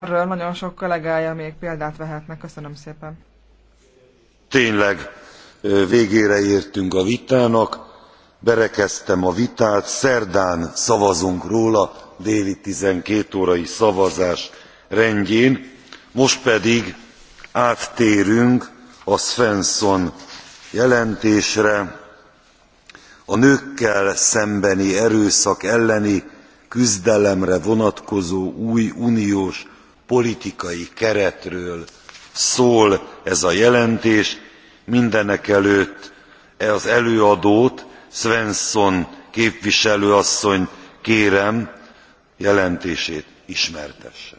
Erről nagyon sok kollégája még példát vehetnek. Köszönöm szépen. Tényleg végére értünk a vitának. Berekeztem a vitát. Szerdán szavazunk róla déli 12 órai szavazás rendjén. Most pedig áttérünk a Svensson jelentésre a nőkkel szembeni erőszak elleni küzdelemre vonatkozó új uniós politikai keretről szól ez a jelentés mindenekelőtt az előadót svensson képviselő asszonyt kérem jelentését ismertesse.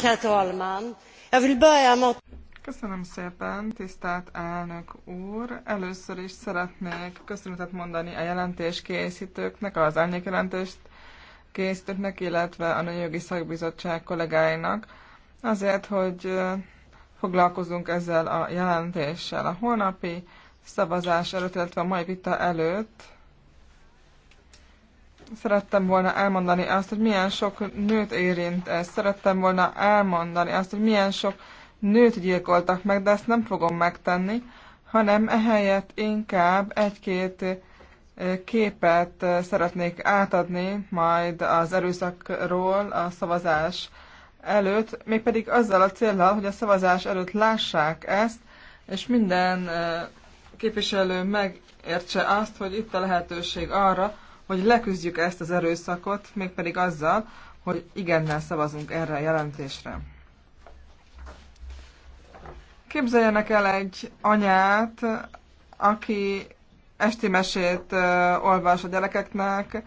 herr talman! jag vill börja med att Köszönöm szépen, tisztelt elnök úr! Először is szeretnék köszönetet mondani a jelentés készítőknek, az árnyékjelentést készítőknek, illetve a Nőjogi Szakbizottság kollégáinak, azért, hogy foglalkozunk ezzel a jelentéssel. A holnapi szavazás előtt, illetve a mai vita előtt szerettem volna elmondani azt, hogy milyen sok nőt érint ez. Szerettem volna elmondani azt, hogy milyen sok nőt gyilkoltak meg, de ezt nem fogom megtenni, hanem ehelyett inkább egy-két eh, képet eh, szeretnék átadni majd az erőszakról a szavazás előtt, mégpedig azzal a célral, hogy a szavazás előtt lássák ezt, és minden eh, képviselő megértse azt, hogy itt a lehetőség arra, hogy leküzdjük ezt az erőszakot, mégpedig azzal, hogy igennel szavazunk erre a jelentésre. Képzeljenek el egy anyát, aki esti mesét olvas a gyerekeknek,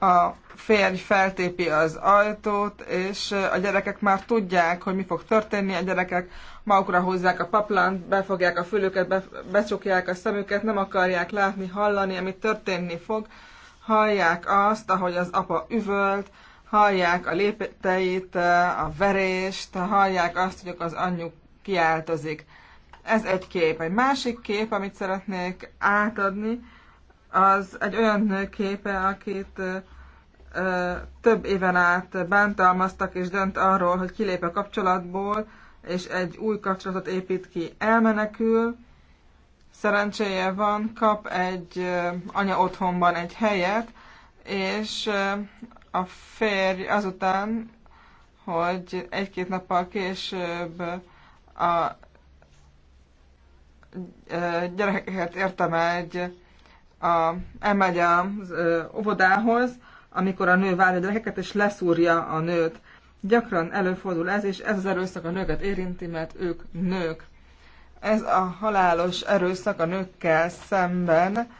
a férj feltépi az ajtót, és a gyerekek már tudják, hogy mi fog történni, a gyerekek magukra hozzák a paplant, befogják a fülüket, be, becsukják a szemüket, nem akarják látni, hallani, ami történni fog, hallják azt, ahogy az apa üvölt, hallják a lépteit, a verést, hallják azt, hogy az anyjuk kiáltozik. Ez egy kép. Egy másik kép, amit szeretnék átadni, az egy olyan nő képe, akit ö, több éven át bántalmaztak, és dönt arról, hogy kilép a kapcsolatból, és egy új kapcsolatot épít ki. Elmenekül, szerencséje van, kap egy anya otthonban egy helyet, és a férj azután, hogy egy-két nappal később a gyerekeket értem egy a, elmegy az óvodához, amikor a nő várja a gyerekeket, és leszúrja a nőt. Gyakran előfordul ez, és ez az erőszak a nőket érinti, mert ők nők. Ez a halálos erőszak a nőkkel szemben,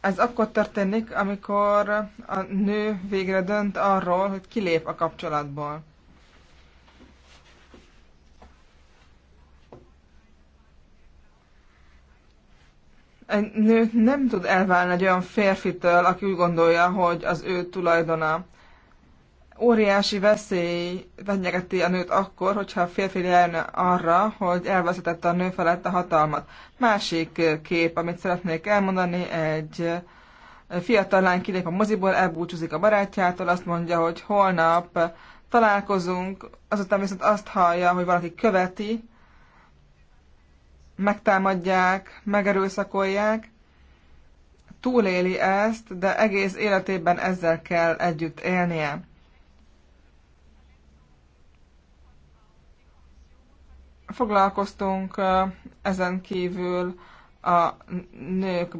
ez akkor történik, amikor a nő végre dönt arról, hogy kilép a kapcsolatból. Egy nő nem tud elválni egy olyan férfitől, aki úgy gondolja, hogy az ő tulajdona. Óriási veszély fenyegeti a nőt akkor, hogyha a férfi lejön arra, hogy elveszítette a nő felett a hatalmat. Másik kép, amit szeretnék elmondani, egy fiatal lány kilép a moziból, elbúcsúzik a barátjától, azt mondja, hogy holnap találkozunk, azután viszont azt hallja, hogy valaki követi, megtámadják, megerőszakolják, túléli ezt, de egész életében ezzel kell együtt élnie. Foglalkoztunk ezen kívül a nők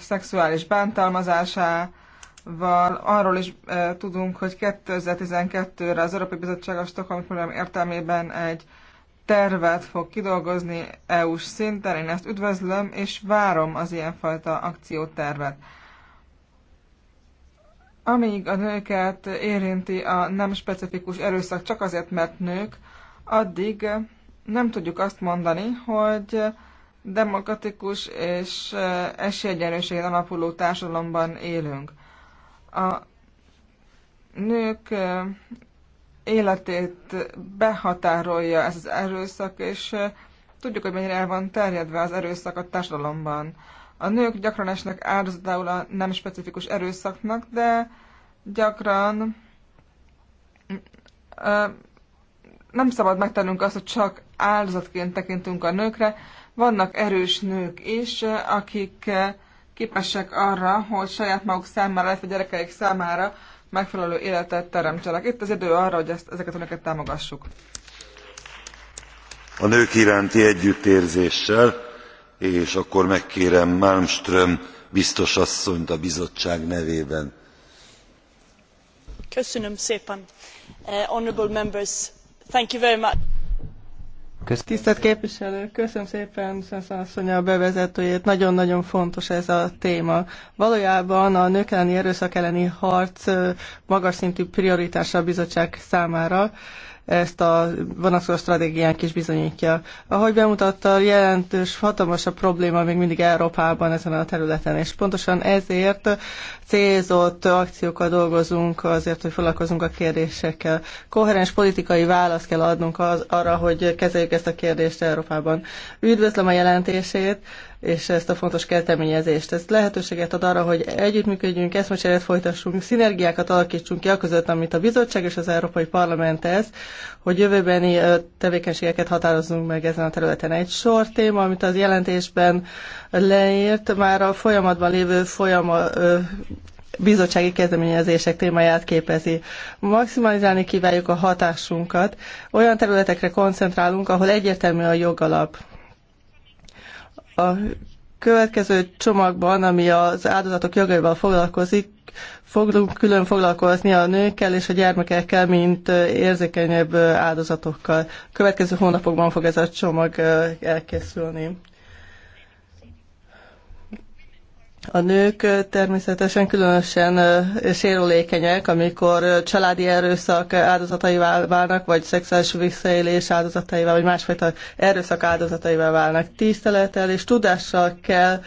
szexuális bántalmazásával, arról is tudunk, hogy 2012-re az Európai Bizottság a Stockholm Program értelmében egy tervet fog kidolgozni EU-s szinten, én ezt üdvözlöm, és várom az ilyenfajta akciótervet. Amíg a nőket érinti a nem specifikus erőszak csak azért, mert nők, addig nem tudjuk azt mondani, hogy demokratikus és esélyegyenlőségen alapuló társadalomban élünk. A nők életét behatárolja ez az erőszak, és tudjuk, hogy mennyire el van terjedve az erőszak a társadalomban. A nők gyakran esnek áldozatául a nem specifikus erőszaknak, de gyakran nem szabad megtennünk azt, hogy csak áldozatként tekintünk a nőkre. Vannak erős nők is, akik képesek arra, hogy saját maguk számára, illetve gyerekeik számára megfelelő életet teremtsenek. Itt az idő arra, hogy ezt, ezeket önöket támogassuk. A nők iránti együttérzéssel, és akkor megkérem Malmström biztos asszonyt a bizottság nevében. Köszönöm szépen. Uh, honorable members, thank you very much. Tisztelt képviselő, köszönöm szépen Szenszen asszony a bevezetőjét. Nagyon-nagyon fontos ez a téma. Valójában a nők elleni erőszak elleni harc magas szintű prioritása a bizottság számára ezt a vonatkozó stratégiánk is bizonyítja. Ahogy bemutatta, jelentős, hatalmas a probléma még mindig Európában ezen a területen, és pontosan ezért célzott akciókkal dolgozunk azért, hogy foglalkozunk a kérdésekkel. Koherens politikai választ kell adnunk az, arra, hogy kezeljük ezt a kérdést Európában. Üdvözlöm a jelentését, és ezt a fontos kezdeményezést. Ez lehetőséget ad arra, hogy együttműködjünk, eszmecseret folytassunk, szinergiákat alakítsunk ki a között, amit a bizottság és az Európai Parlament tesz, hogy jövőbeni tevékenységeket határozzunk meg ezen a területen. Egy sor téma, amit az jelentésben leírt, már a folyamatban lévő folyama, bizottsági kezdeményezések témáját képezi. Maximalizálni kívánjuk a hatásunkat. Olyan területekre koncentrálunk, ahol egyértelmű a jogalap a következő csomagban, ami az áldozatok jogaival foglalkozik, fogunk külön foglalkozni a nőkkel és a gyermekekkel, mint érzékenyebb áldozatokkal. Következő hónapokban fog ez a csomag elkészülni. A nők természetesen különösen sérülékenyek, amikor családi erőszak áldozataivá válnak, vagy szexuális visszaélés áldozataivá, vagy másfajta erőszak áldozataivá válnak. Tisztelettel és tudással kell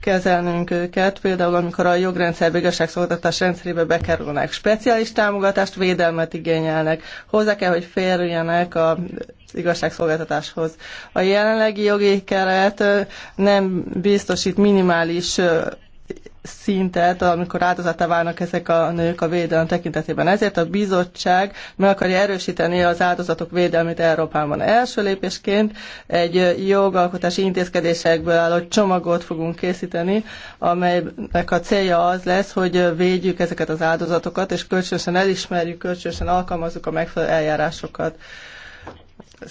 kezelnünk őket, például amikor a jogrendszerbe, igazságszolgáltatás rendszerébe bekerülnek. Speciális támogatást, védelmet igényelnek. Hozzá kell, hogy férjenek a igazságszolgáltatáshoz. A jelenlegi jogi keret nem biztosít minimális szintet, amikor áldozata válnak ezek a nők a védelem tekintetében. Ezért a bizottság meg akarja erősíteni az áldozatok védelmét Európában. Első lépésként egy jogalkotási intézkedésekből álló csomagot fogunk készíteni, amelynek a célja az lesz, hogy védjük ezeket az áldozatokat, és kölcsönösen elismerjük, kölcsönösen alkalmazzuk a megfelelő eljárásokat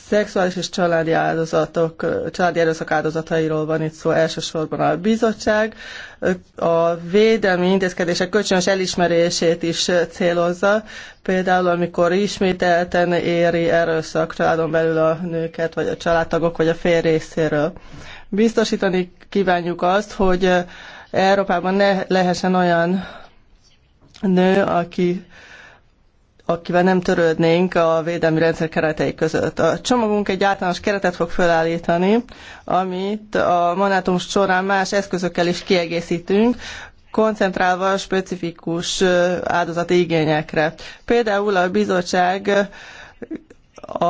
szexuális és családi áldozatok, családi erőszak áldozatairól van itt szó elsősorban a bizottság. A védelmi intézkedések kölcsönös elismerését is célozza, például amikor ismételten éri erőszak családon belül a nőket, vagy a családtagok, vagy a fél részéről. Biztosítani kívánjuk azt, hogy Európában ne lehessen olyan nő, aki akivel nem törődnénk a védelmi rendszer keretei között. A csomagunk egy általános keretet fog felállítani, amit a mandátum során más eszközökkel is kiegészítünk, koncentrálva a specifikus áldozati igényekre. Például a bizottság a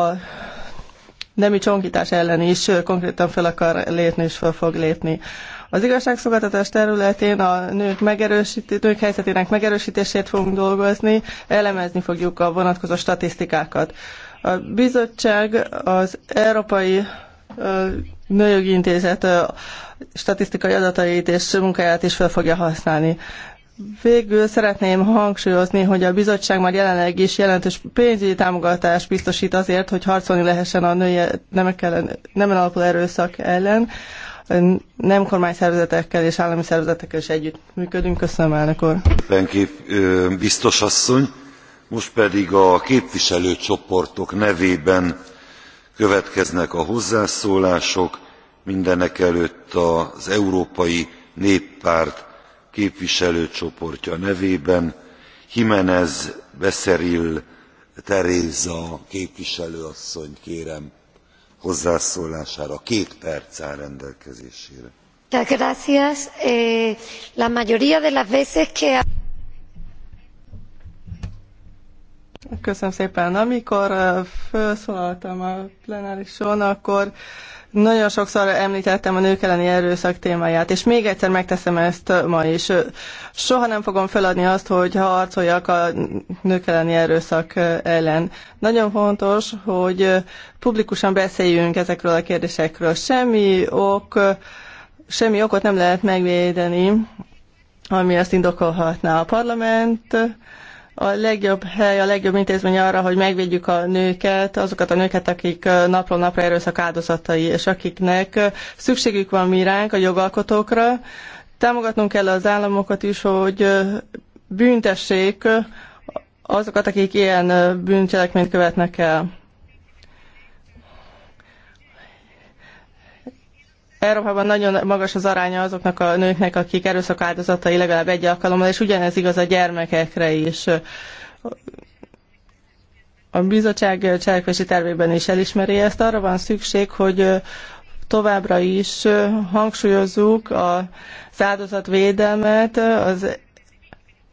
nemi csonkítás ellen is konkrétan fel akar lépni és fel fog lépni. Az igazságszolgáltatás területén a nők, nők helyzetének megerősítését fogunk dolgozni, elemezni fogjuk a vonatkozó statisztikákat. A bizottság az Európai Nőjogi Intézet statisztikai adatait és munkáját is fel fogja használni. Végül szeretném hangsúlyozni, hogy a bizottság már jelenleg is jelentős pénzügyi támogatást biztosít azért, hogy harcolni lehessen a női nemek nem nemen alapuló erőszak ellen nem kormányszervezetekkel és állami szervezetekkel is együtt működünk. Köszönöm, elnök úr. Kép, biztos asszony. Most pedig a képviselőcsoportok nevében következnek a hozzászólások. Mindenekelőtt az Európai Néppárt képviselőcsoportja nevében Jimenez Beszeril Teréza képviselőasszony kérem hozzászólására. Két perc áll rendelkezésére. Eh, la mayoría de las veces que... Köszönöm szépen. Amikor eh, felszólaltam a plenárison, akkor nagyon sokszor említettem a nők elleni erőszak témáját, és még egyszer megteszem ezt ma is. Soha nem fogom feladni azt, hogy harcoljak a nők elleni erőszak ellen. Nagyon fontos, hogy publikusan beszéljünk ezekről a kérdésekről. Semmi ok, semmi okot nem lehet megvédeni, ami azt indokolhatná a parlament, a legjobb hely, a legjobb intézmény arra, hogy megvédjük a nőket, azokat a nőket, akik napról napra erőszak áldozatai, és akiknek szükségük van mi ránk, a jogalkotókra. Támogatnunk kell az államokat is, hogy büntessék azokat, akik ilyen bűncselekményt követnek el. Európában nagyon magas az aránya azoknak a nőknek, akik erőszak áldozatai legalább egy alkalommal, és ugyanez igaz a gyermekekre is. A bizottság cselekvési tervében is elismeri ezt. Arra van szükség, hogy továbbra is hangsúlyozzuk az áldozatvédelmet, az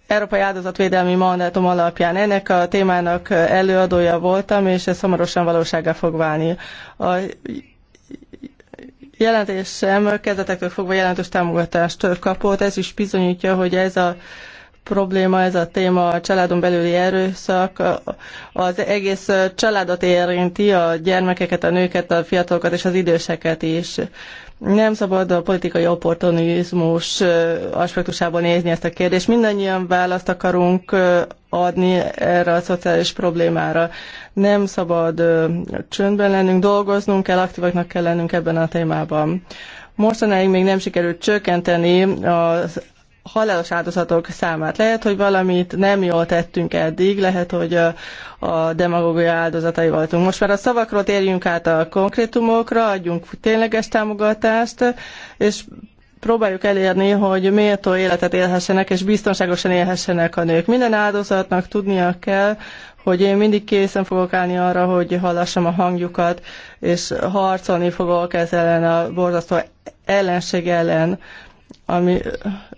Európai Áldozatvédelmi Mandátum alapján. Ennek a témának előadója voltam, és ez hamarosan valósággá fog válni. A jelentésem kezdetektől fogva jelentős támogatást kapott. Ez is bizonyítja, hogy ez a probléma, ez a téma a családon belüli erőszak, az egész családot érinti, a gyermekeket, a nőket, a fiatalokat és az időseket is. Nem szabad a politikai opportunizmus aspektusából nézni ezt a kérdést. Mindannyian választ akarunk adni erre a szociális problémára. Nem szabad csöndben lennünk, dolgoznunk kell, aktívaknak kell lennünk ebben a témában. Mostanáig még nem sikerült csökkenteni az halálos áldozatok számát. Lehet, hogy valamit nem jól tettünk eddig, lehet, hogy a, a demagógia áldozatai voltunk. Most már a szavakról térjünk át a konkrétumokra, adjunk tényleges támogatást, és próbáljuk elérni, hogy méltó életet élhessenek, és biztonságosan élhessenek a nők. Minden áldozatnak tudnia kell, hogy én mindig készen fogok állni arra, hogy hallassam a hangjukat, és harcolni fogok ezzel ellen a borzasztó ellenség ellen ami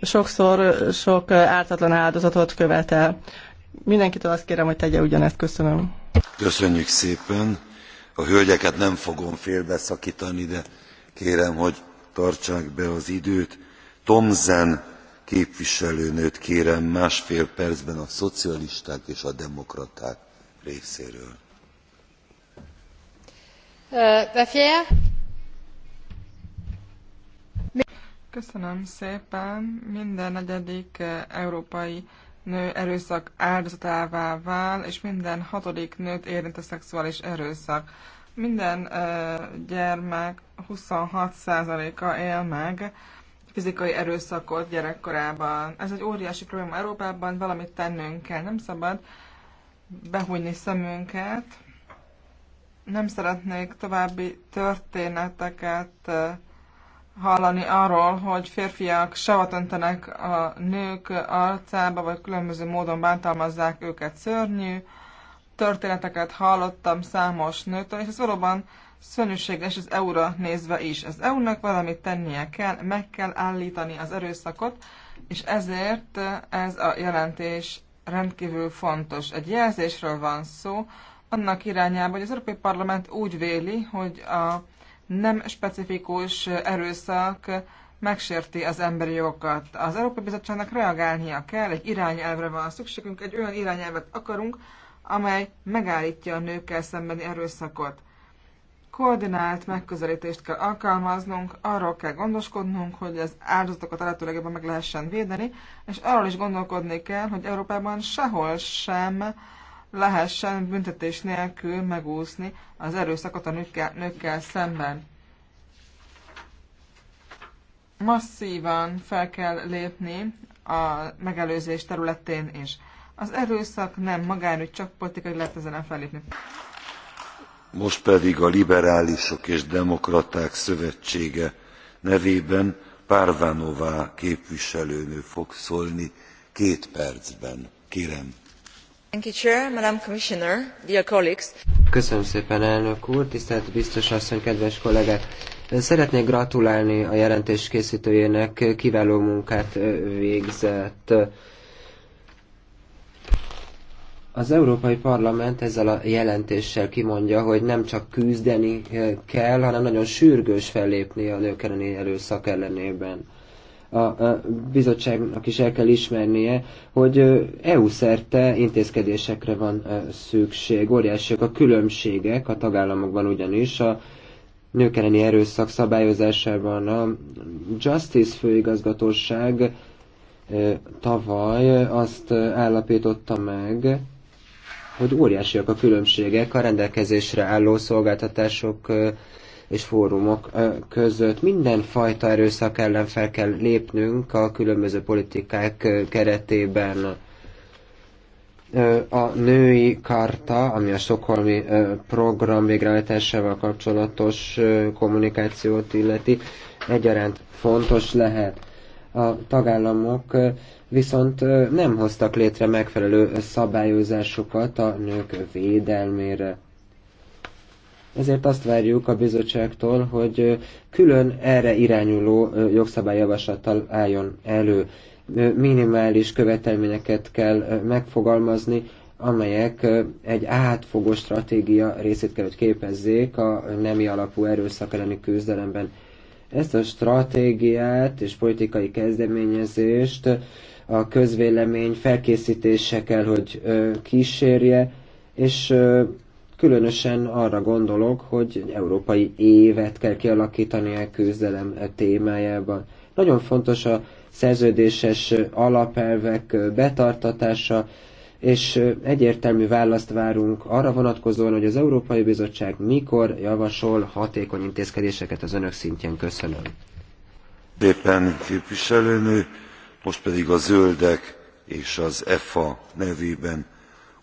sokszor sok ártatlan áldozatot követel. Mindenkitől azt kérem, hogy tegye ugyanezt. Köszönöm. Köszönjük szépen. A hölgyeket nem fogom félbeszakítani, de kérem, hogy tartsák be az időt. Tomzen képviselőnőt kérem másfél percben a szocialisták és a demokraták részéről. Uh, Köszönöm szépen. Minden negyedik eh, európai nő erőszak áldozatává vál, és minden hatodik nőt érint a szexuális erőszak. Minden eh, gyermek 26%-a él meg fizikai erőszakot gyerekkorában. Ez egy óriási probléma Európában, valamit tennünk kell. Nem szabad behújni szemünket. Nem szeretnék további történeteket uh, hallani arról, hogy férfiak savat öntenek a nők arcába, vagy különböző módon bántalmazzák őket szörnyű. Történeteket hallottam számos nőtől, és ez valóban szörnyűséges az EU-ra nézve is. Az EU-nak valamit tennie kell, meg kell állítani az erőszakot, és ezért ez a jelentés rendkívül fontos. Egy jelzésről van szó, annak irányába, hogy az Európai Parlament úgy véli, hogy a nem specifikus erőszak megsérti az emberi jogokat. Az Európai Bizottságnak reagálnia kell, egy irányelvre van szükségünk, egy olyan irányelvet akarunk, amely megállítja a nőkkel szembeni erőszakot. Koordinált megközelítést kell alkalmaznunk, arról kell gondoskodnunk, hogy az áldozatokat a meg lehessen védeni, és arról is gondolkodni kell, hogy Európában sehol sem lehessen büntetés nélkül megúszni az erőszakot a nőkkel, nőkkel szemben. Masszívan fel kell lépni a megelőzés területén is. Az erőszak nem magánügy, csak politikai lehet ezen felépni. Most pedig a Liberálisok és Demokraták Szövetsége nevében Párvánová képviselőnő fog szólni két percben. Kérem. Köszönöm szépen, elnök úr, tisztelt biztos asszony, kedves kollégák! Szeretnék gratulálni a jelentés készítőjének, kiváló munkát végzett. Az Európai Parlament ezzel a jelentéssel kimondja, hogy nem csak küzdeni kell, hanem nagyon sürgős fellépni a nők elleni erőszak ellenében a bizottságnak is el kell ismernie, hogy EU szerte intézkedésekre van szükség. Óriásiak a különbségek a tagállamokban ugyanis a nők elleni erőszak szabályozásában. A Justice főigazgatóság tavaly azt állapította meg, hogy óriásiak a különbségek a rendelkezésre álló szolgáltatások és fórumok között. Mindenfajta erőszak ellen fel kell lépnünk a különböző politikák keretében a női karta, ami a Stokholmi program végrehajtásával kapcsolatos kommunikációt illeti, egyaránt fontos lehet. A tagállamok viszont nem hoztak létre megfelelő szabályozásokat a nők védelmére. Ezért azt várjuk a bizottságtól, hogy külön erre irányuló jogszabályjavaslattal álljon elő. Minimális követelményeket kell megfogalmazni, amelyek egy átfogó stratégia részét kell, hogy képezzék a nemi alapú erőszak elleni küzdelemben. Ezt a stratégiát és politikai kezdeményezést a közvélemény felkészítése kell, hogy kísérje, és Különösen arra gondolok, hogy egy európai évet kell kialakítani a küzdelem témájában. Nagyon fontos a szerződéses alapelvek betartatása, és egyértelmű választ várunk arra vonatkozóan, hogy az Európai Bizottság mikor javasol hatékony intézkedéseket az önök szintjén. Köszönöm. Éppen képviselőnő, most pedig a zöldek és az EFA nevében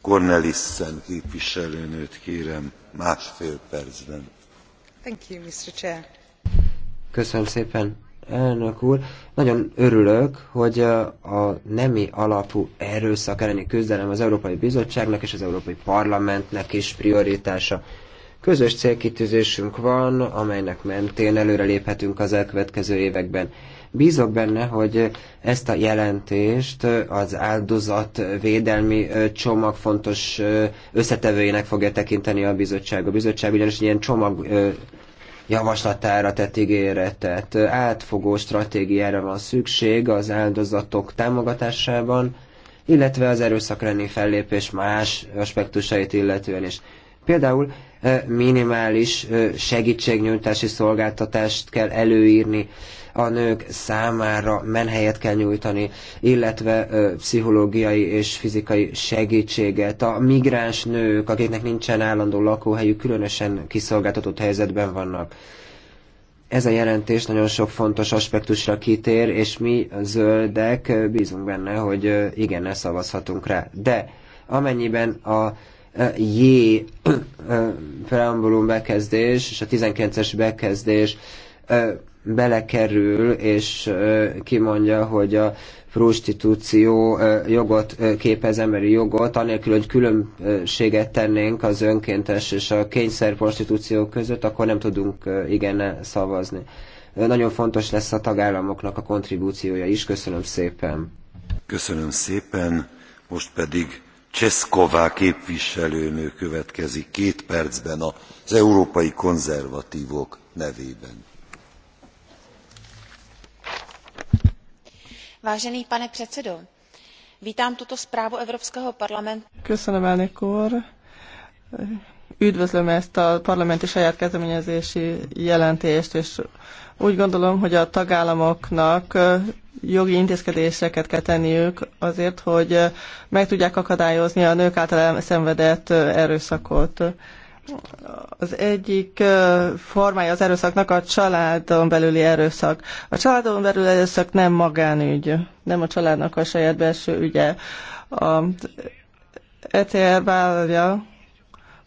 Cornelissen képviselőnőt kérem másfél percben. Thank you, Mr. Chair. Köszönöm szépen, elnök úr. Nagyon örülök, hogy a nemi alapú erőszak elleni küzdelem az Európai Bizottságnak és az Európai Parlamentnek is prioritása. Közös célkitűzésünk van, amelynek mentén előreléphetünk az elkövetkező években. Bízok benne, hogy ezt a jelentést az áldozat védelmi csomag fontos összetevőjének fogja tekinteni a bizottság. A bizottság ugyanis ilyen csomag javaslatára tett ígéretet. Átfogó stratégiára van szükség az áldozatok támogatásában, illetve az erőszak fellépés más aspektusait illetően is. Például minimális segítségnyújtási szolgáltatást kell előírni, a nők számára menhelyet kell nyújtani, illetve pszichológiai és fizikai segítséget. A migráns nők, akiknek nincsen állandó lakóhelyük, különösen kiszolgáltatott helyzetben vannak ez a jelentés nagyon sok fontos aspektusra kitér, és mi a zöldek bízunk benne, hogy ne szavazhatunk rá. De amennyiben a J preambulum bekezdés és a 19-es bekezdés belekerül, és kimondja, hogy a prostitúció jogot képez emberi jogot, anélkül, hogy különbséget tennénk az önkéntes és a kényszer prostitúció között, akkor nem tudunk igen szavazni. Nagyon fontos lesz a tagállamoknak a kontribúciója is. Köszönöm szépen. Köszönöm szépen. Most pedig Cseszková képviselőnő következik két percben az európai konzervatívok nevében vážený pane předsedo vítám tuto zprávu evropského parlamentu. köszönöm elnök úr üdvözlöm ezt a parlamenti saját kezdeményezési jelentést és úgy gondolom hogy a tagállamoknak jogi intézkedéseket kell tenniük azért hogy meg tudják akadályozni a nők által elszenvedett erőszakot az egyik formája az erőszaknak a családon belüli erőszak. A családon belüli erőszak nem magánügy, nem a családnak a saját belső ügye. A ETR vállalja,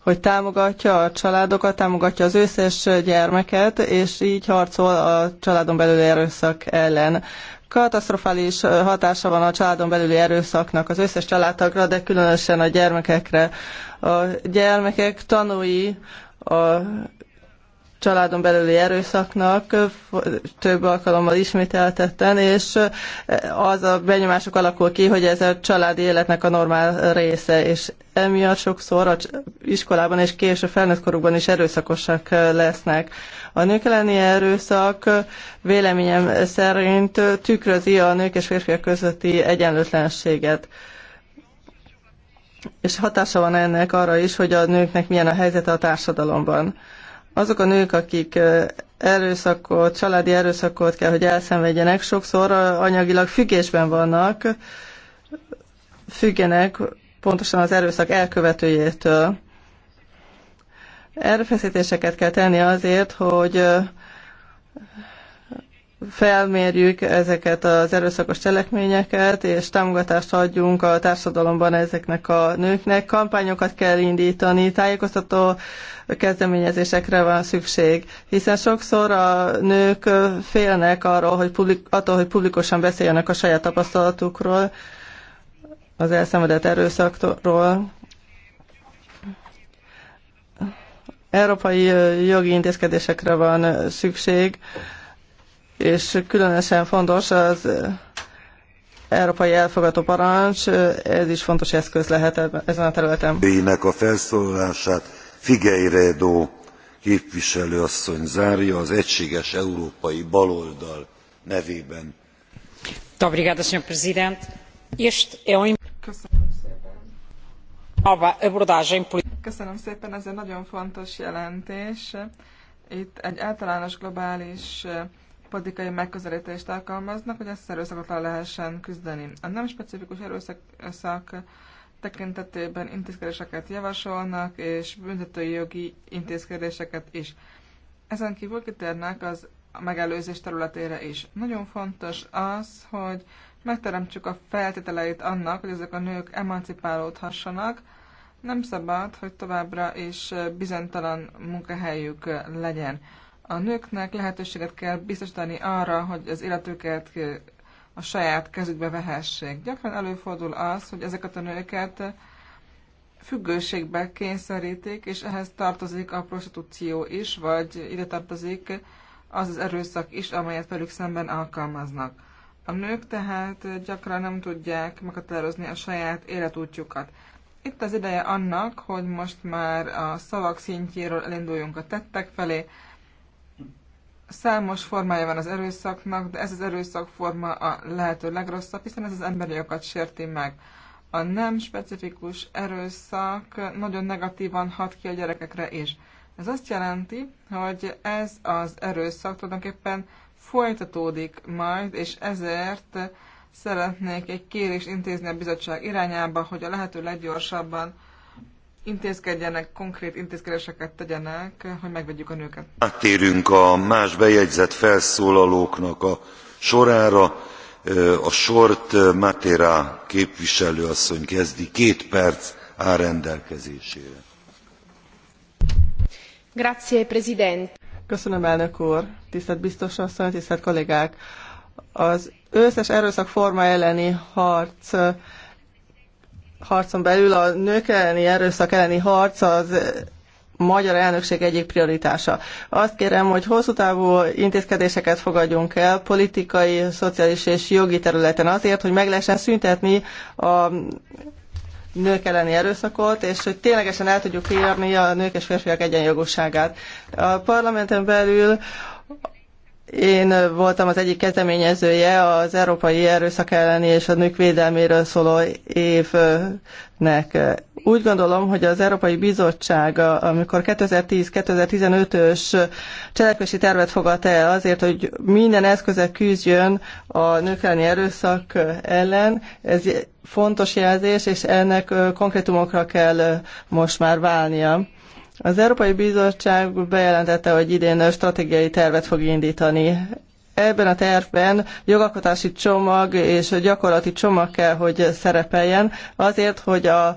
hogy támogatja a családokat, támogatja az összes gyermeket, és így harcol a családon belüli erőszak ellen. Katasztrofális hatása van a családon belüli erőszaknak az összes családtagra, de különösen a gyermekekre. A gyermekek tanúi a családon belüli erőszaknak több alkalommal ismételtetten, és az a benyomásuk alakul ki, hogy ez a családi életnek a normál része, és emiatt sokszor a iskolában és később felnőtt korukban is erőszakosak lesznek. A nők elleni erőszak véleményem szerint tükrözi a nők és férfiak közötti egyenlőtlenséget. És hatása van ennek arra is, hogy a nőknek milyen a helyzete a társadalomban azok a nők, akik erőszakot, családi erőszakot kell, hogy elszenvedjenek, sokszor anyagilag függésben vannak, függenek pontosan az erőszak elkövetőjétől. Erőfeszítéseket kell tenni azért, hogy felmérjük ezeket az erőszakos cselekményeket, és támogatást adjunk a társadalomban ezeknek a nőknek. Kampányokat kell indítani, tájékoztató kezdeményezésekre van szükség, hiszen sokszor a nők félnek arról, hogy publik, attól, hogy publikusan beszéljenek a saját tapasztalatukról, az elszenvedett erőszaktól. európai jogi intézkedésekre van szükség és különösen fontos az európai elfogadó parancs, ez is fontos eszköz lehet ezen a területen. Ének a felszólalását Figeiredo képviselőasszony zárja az egységes európai baloldal nevében. Um Köszönöm szépen, ez egy nagyon fontos jelentés. Itt egy általános globális politikai megközelítést alkalmaznak, hogy ezt erőszakot le lehessen küzdeni. A nem specifikus erőszak tekintetében intézkedéseket javasolnak, és büntetői jogi intézkedéseket is. Ezen kívül kitérnek az megelőzés területére is. Nagyon fontos az, hogy megteremtsük a feltételeit annak, hogy ezek a nők emancipálódhassanak, nem szabad, hogy továbbra is bizonytalan munkahelyük legyen. A nőknek lehetőséget kell biztosítani arra, hogy az életüket a saját kezükbe vehessék. Gyakran előfordul az, hogy ezeket a nőket függőségbe kényszerítik, és ehhez tartozik a prostitúció is, vagy ide tartozik az az erőszak is, amelyet velük szemben alkalmaznak. A nők tehát gyakran nem tudják meghatározni a saját életútjukat. Itt az ideje annak, hogy most már a szavak szintjéről elinduljunk a tettek felé, Számos formája van az erőszaknak, de ez az erőszakforma a lehető legrosszabb, hiszen ez az emberi jogokat sérti meg. A nem specifikus erőszak nagyon negatívan hat ki a gyerekekre is. Ez azt jelenti, hogy ez az erőszak tulajdonképpen folytatódik majd, és ezért szeretnék egy kérést intézni a bizottság irányába, hogy a lehető leggyorsabban intézkedjenek, konkrét intézkedéseket tegyenek, hogy megvegyük a nőket. Áttérünk a más bejegyzett felszólalóknak a sorára. A sort Matera képviselőasszony kezdi. Két perc áll rendelkezésére. Grazie, President. Köszönöm, elnök úr, tisztelt biztos asszony, tisztelt kollégák. Az összes erőszak forma elleni harc harcon belül a nők elleni erőszak elleni harc az eh, magyar elnökség egyik prioritása. Azt kérem, hogy hosszú távú intézkedéseket fogadjunk el politikai, szociális és jogi területen azért, hogy meg lehessen szüntetni a nők elleni erőszakot, és hogy ténylegesen el tudjuk írni a nők és férfiak egyenjogosságát. A parlamenten belül én voltam az egyik kezdeményezője az Európai Erőszak elleni és a nők védelméről szóló évnek. Úgy gondolom, hogy az Európai Bizottság, amikor 2010-2015-ös cselekvési tervet fogadt el azért, hogy minden eszköze küzdjön a nők elleni erőszak ellen, ez fontos jelzés, és ennek konkrétumokra kell most már válnia az Európai Bizottság bejelentette, hogy idén stratégiai tervet fog indítani. Ebben a tervben jogalkotási csomag és gyakorlati csomag kell, hogy szerepeljen, azért, hogy a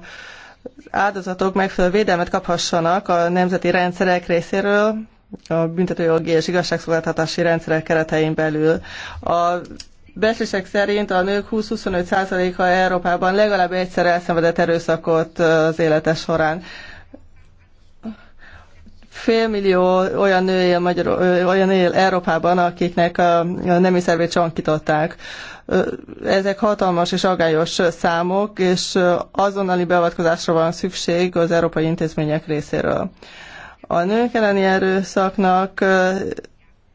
áldozatok megfelelő védelmet kaphassanak a nemzeti rendszerek részéről, a büntetőjogi és igazságszolgáltatási rendszerek keretein belül. A Beszések szerint a nők 20-25%-a Európában legalább egyszer elszenvedett erőszakot az élete során félmillió olyan nő él, Magyar, olyan él Európában, akiknek a nemi szervét csonkították. Ezek hatalmas és aggályos számok, és azonnali beavatkozásra van szükség az európai intézmények részéről. A nők elleni erőszaknak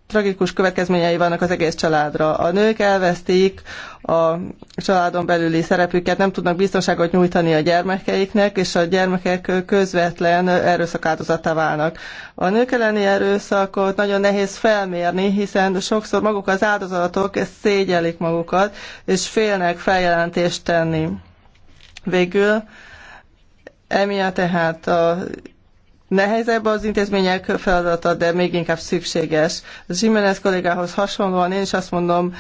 tragikus következményei vannak az egész családra. A nők elvesztik a családon belüli szerepüket, nem tudnak biztonságot nyújtani a gyermekeiknek, és a gyermekek közvetlen erőszak áldozatá válnak. A nők elleni erőszakot nagyon nehéz felmérni, hiszen sokszor maguk az áldozatok szégyelik magukat, és félnek feljelentést tenni. Végül emiatt tehát a Nehezebb az intézmények feladata, de még inkább szükséges. Zsimenez kollégához hasonlóan én is azt mondom,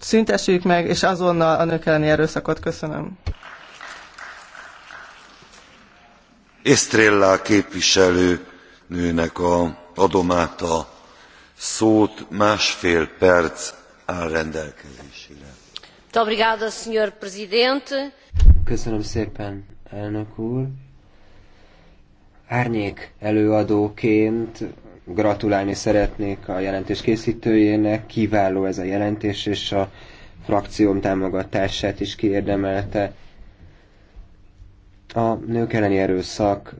szüntessük meg, és azonnal a nők elleni erőszakot köszönöm. Estrella képviselő nőnek a, adomáta szót másfél perc áll rendelkezésére. Köszönöm szépen, elnök úr. Árnyék előadóként gratulálni szeretnék a jelentés készítőjének. Kiváló ez a jelentés, és a frakcióm támogatását is kiérdemelte. A nők elleni erőszak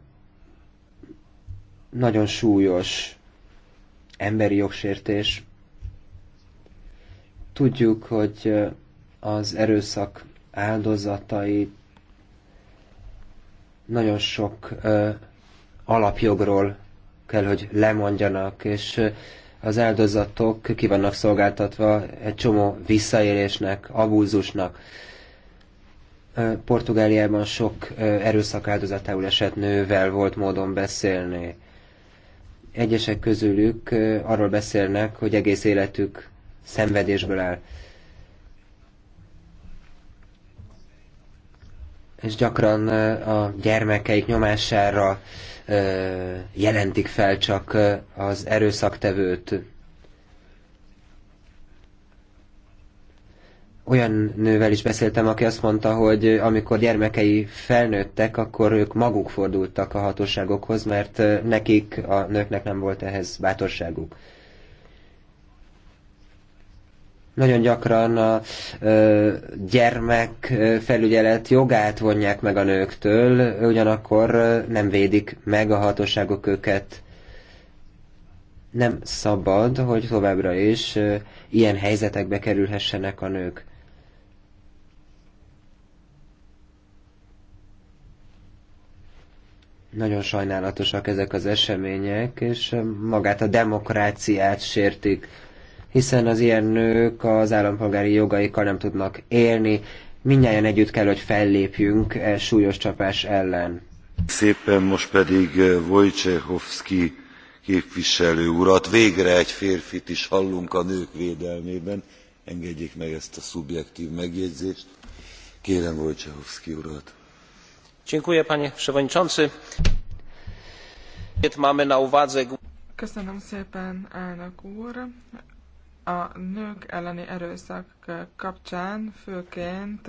nagyon súlyos emberi jogsértés. Tudjuk, hogy az erőszak áldozatai nagyon sok alapjogról kell, hogy lemondjanak, és az áldozatok ki vannak szolgáltatva egy csomó visszaélésnek, abúzusnak. Portugáliában sok erőszak áldozatául esett nővel volt módon beszélni. Egyesek közülük arról beszélnek, hogy egész életük szenvedésből áll. És gyakran a gyermekeik nyomására jelentik fel csak az erőszaktevőt. Olyan nővel is beszéltem, aki azt mondta, hogy amikor gyermekei felnőttek, akkor ők maguk fordultak a hatóságokhoz, mert nekik, a nőknek nem volt ehhez bátorságuk. Nagyon gyakran a gyermek felügyelet jogát vonják meg a nőktől, ugyanakkor nem védik meg a hatóságok őket. Nem szabad, hogy továbbra is ilyen helyzetekbe kerülhessenek a nők. nagyon sajnálatosak ezek az események, és magát a demokráciát sértik hiszen az ilyen nők az állampolgári jogaikkal nem tudnak élni. Mindjárt együtt kell, hogy fellépjünk e súlyos csapás ellen. Szépen most pedig eh, Wojciechowski képviselő urat. Végre egy férfit is hallunk a nők védelmében. Engedjék meg ezt a szubjektív megjegyzést. Kérem Wojciechowski urat. Dziękuję panie przewodniczący. Mamy na uwadze... Köszönöm szépen, elnök úr. A nők elleni erőszak kapcsán főként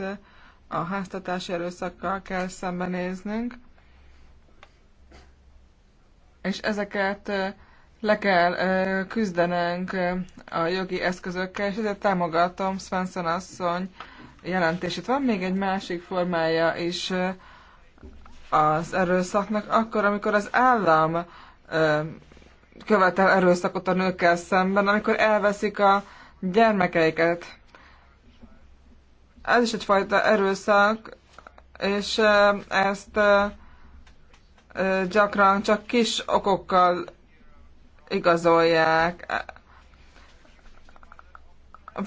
a háztatási erőszakkal kell szembenéznünk, és ezeket le kell küzdenünk a jogi eszközökkel, és ezért támogatom Svensson asszony jelentését. Van még egy másik formája is az erőszaknak, akkor, amikor az állam követel erőszakot a nőkkel szemben, amikor elveszik a gyermekeiket. Ez is egyfajta erőszak, és ezt gyakran csak kis okokkal igazolják.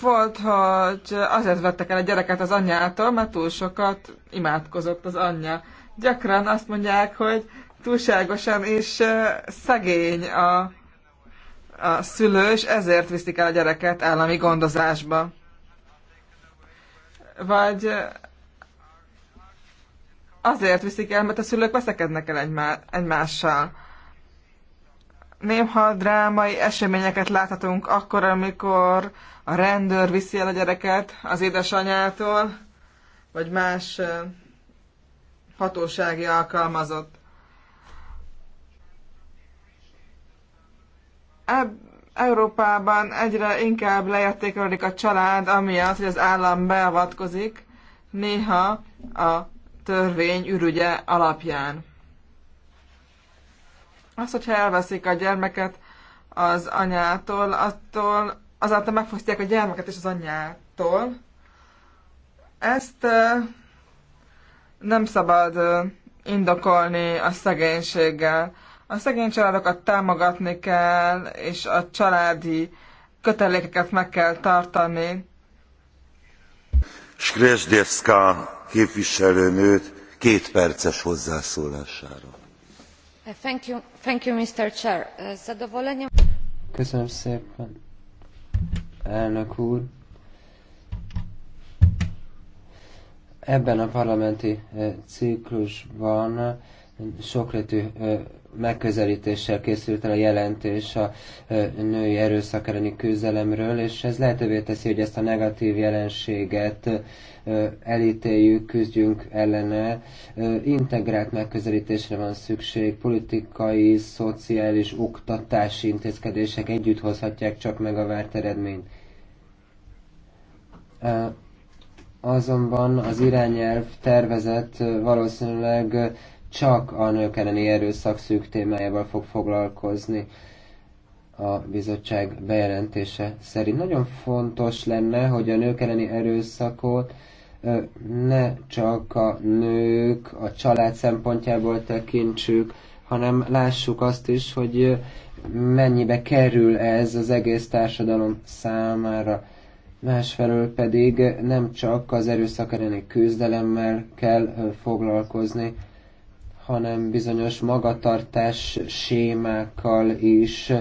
Volt, hogy azért vettek el a gyereket az anyjától, mert túl sokat imádkozott az anyja. Gyakran azt mondják, hogy túlságosan és szegény a, a szülő, és ezért viszik el a gyereket állami gondozásba. Vagy azért viszik el, mert a szülők veszekednek el egymá- egymással. Néha drámai eseményeket láthatunk akkor, amikor a rendőr viszi el a gyereket az édesanyától, vagy más hatósági alkalmazott. Európában egyre inkább leértékelődik a család, amiatt, hogy az állam beavatkozik néha a törvény ürügye alapján. Az, hogyha elveszik a gyermeket az anyától, attól, azáltal megfosztják a gyermeket és az anyától. Ezt nem szabad indokolni a szegénységgel. A szegény családokat támogatni kell, és a családi kötelékeket meg kell tartani. Skresdevská képviselőnőt két perces hozzászólására. Thank you, thank you, Mr. Chair. Uh, Zadovoleniem... Köszönöm szépen, elnök úr. Ebben a parlamenti eh, ciklusban eh, sokrétű eh, megközelítéssel készült el a jelentés a női erőszak elleni küzdelemről, és ez lehetővé teszi, hogy ezt a negatív jelenséget elítéljük, küzdjünk ellene. Integrált megközelítésre van szükség, politikai, szociális, oktatási intézkedések együtt hozhatják csak meg a várt eredményt. Azonban az irányelv tervezet valószínűleg csak a nők elleni erőszak szűk témájával fog foglalkozni a bizottság bejelentése szerint. Nagyon fontos lenne, hogy a nők elleni erőszakot ne csak a nők a család szempontjából tekintsük, hanem lássuk azt is, hogy mennyibe kerül ez az egész társadalom számára. Másfelől pedig nem csak az erőszak elleni küzdelemmel kell foglalkozni, hanem bizonyos magatartás sémákkal is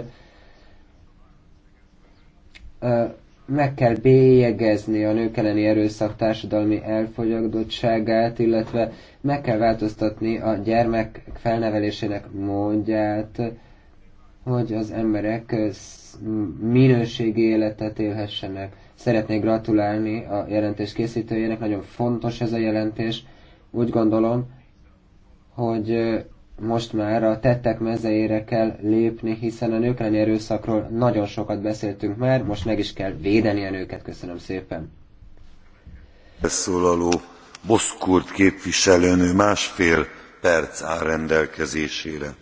meg kell bélyegezni a nők elleni erőszak társadalmi elfogyagdottságát, illetve meg kell változtatni a gyermek felnevelésének módját, hogy az emberek minőségi életet élhessenek. Szeretnék gratulálni a jelentés készítőjének, nagyon fontos ez a jelentés. Úgy gondolom, hogy most már a tettek mezeére kell lépni, hiszen a nőkleni erőszakról nagyon sokat beszéltünk már, most meg is kell védeni a nőket. Köszönöm szépen. Beszólaló Boszkurt képviselőnő másfél perc áll rendelkezésére.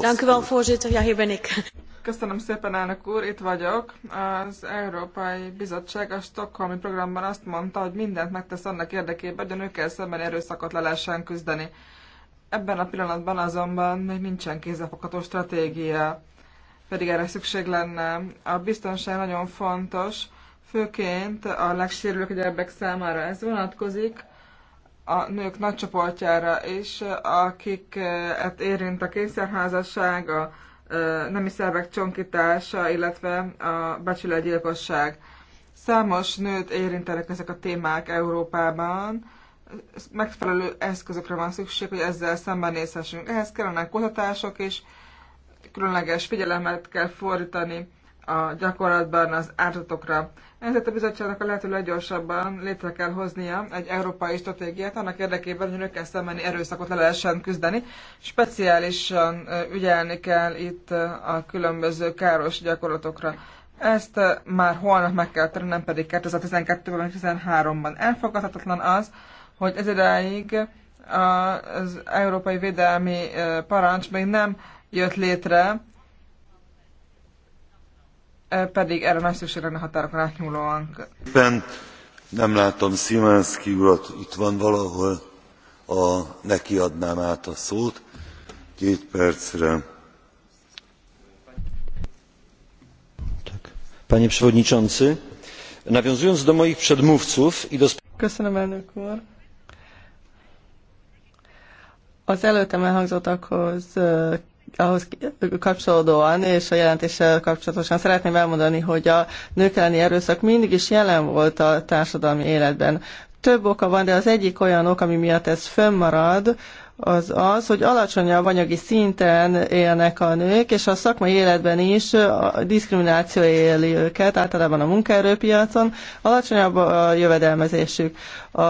Dank u wel, voorzitter. Ja, hier ben ik. Köszönöm szépen, elnök úr, itt vagyok. Az Európai Bizottság a Stockholmi programban azt mondta, hogy mindent megtesz annak érdekében, hogy a nőkkel szemben erőszakot le lehessen küzdeni. Ebben a pillanatban azonban még nincsen kézzelfogható stratégia, pedig erre szükség lenne. A biztonság nagyon fontos, főként a legsérülők gyerekek számára ez vonatkozik, a nők nagy csoportjára is, akiket eh, hát érint a kényszerházasság, a nemi szervek csonkítása, illetve a becsületgyilkosság. Számos nőt érintenek ezek a témák Európában, megfelelő eszközökre van szükség, hogy ezzel szembenézhessünk. Ehhez kellene kutatások is, különleges figyelemet kell fordítani a gyakorlatban az áldozatokra. Ezért a bizottságnak a lehető leggyorsabban létre kell hoznia egy európai stratégiát annak érdekében, hogy nőkkel szembeni erőszakot le lehessen küzdeni. Speciálisan ügyelni kell itt a különböző káros gyakorlatokra. Ezt már holnap meg kell tenni, nem pedig 2012-ben vagy 2013-ban. Elfogadhatatlan az, hogy ez idáig az Európai Védelmi Parancs még nem jött létre, pedig erre nagy szükség lenne határokon átnyúlóan. Éppen nem látom Szimanszki urat, itt van valahol, a, neki adnám át a szót. Két percre. Panie Przewodniczący, nawiązując do moich przedmówców i do... Köszönöm, elnök úr. Az előttem elhangzottakhoz ahhoz kapcsolódóan és a jelentéssel kapcsolatosan szeretném elmondani, hogy a nők elleni erőszak mindig is jelen volt a társadalmi életben. Több oka van, de az egyik olyan ok, ami miatt ez fönnmarad, az az, hogy alacsonyabb anyagi szinten élnek a nők, és a szakmai életben is a diszkrimináció éli őket, általában a munkaerőpiacon, alacsonyabb a jövedelmezésük. A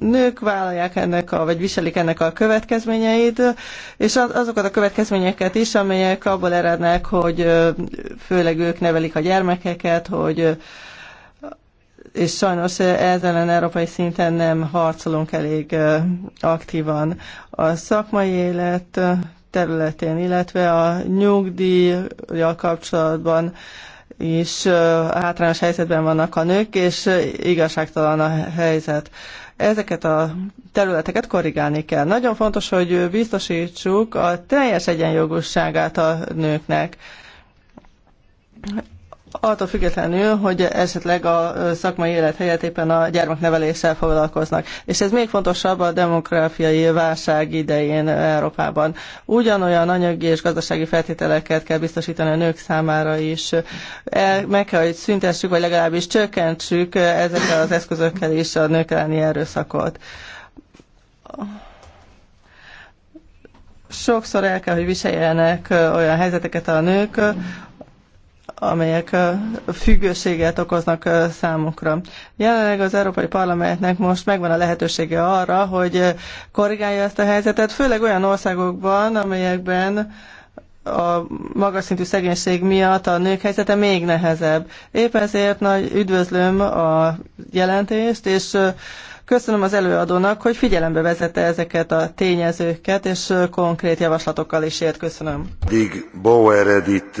nők vállalják ennek, a, vagy viselik ennek a következményeit, és azokat a következményeket is, amelyek abból erednek, hogy főleg ők nevelik a gyermekeket, hogy és sajnos ez ellen európai szinten nem harcolunk elég aktívan. A szakmai élet területén, illetve a nyugdíjjal kapcsolatban is hátrányos helyzetben vannak a nők, és igazságtalan a helyzet. Ezeket a területeket korrigálni kell. Nagyon fontos, hogy biztosítsuk a teljes egyenjogosságát a nőknek attól függetlenül, hogy esetleg a szakmai élet helyett éppen a gyermekneveléssel foglalkoznak. És ez még fontosabb a demográfiai válság idején Európában. Ugyanolyan anyagi és gazdasági feltételeket kell biztosítani a nők számára is. El, meg kell, hogy szüntessük, vagy legalábbis csökkentsük ezekkel az eszközökkel is a nők elleni erőszakot sokszor el kell, hogy viseljenek olyan helyzeteket a nők, amelyek függőséget okoznak számukra. Jelenleg az Európai Parlamentnek most megvan a lehetősége arra, hogy korrigálja ezt a helyzetet, főleg olyan országokban, amelyekben a magas szintű szegénység miatt a nők helyzete még nehezebb. Épp ezért nagy üdvözlöm a jelentést, és köszönöm az előadónak, hogy figyelembe vezette ezeket a tényezőket, és konkrét javaslatokkal is ért. Köszönöm. Dig Bauer Edith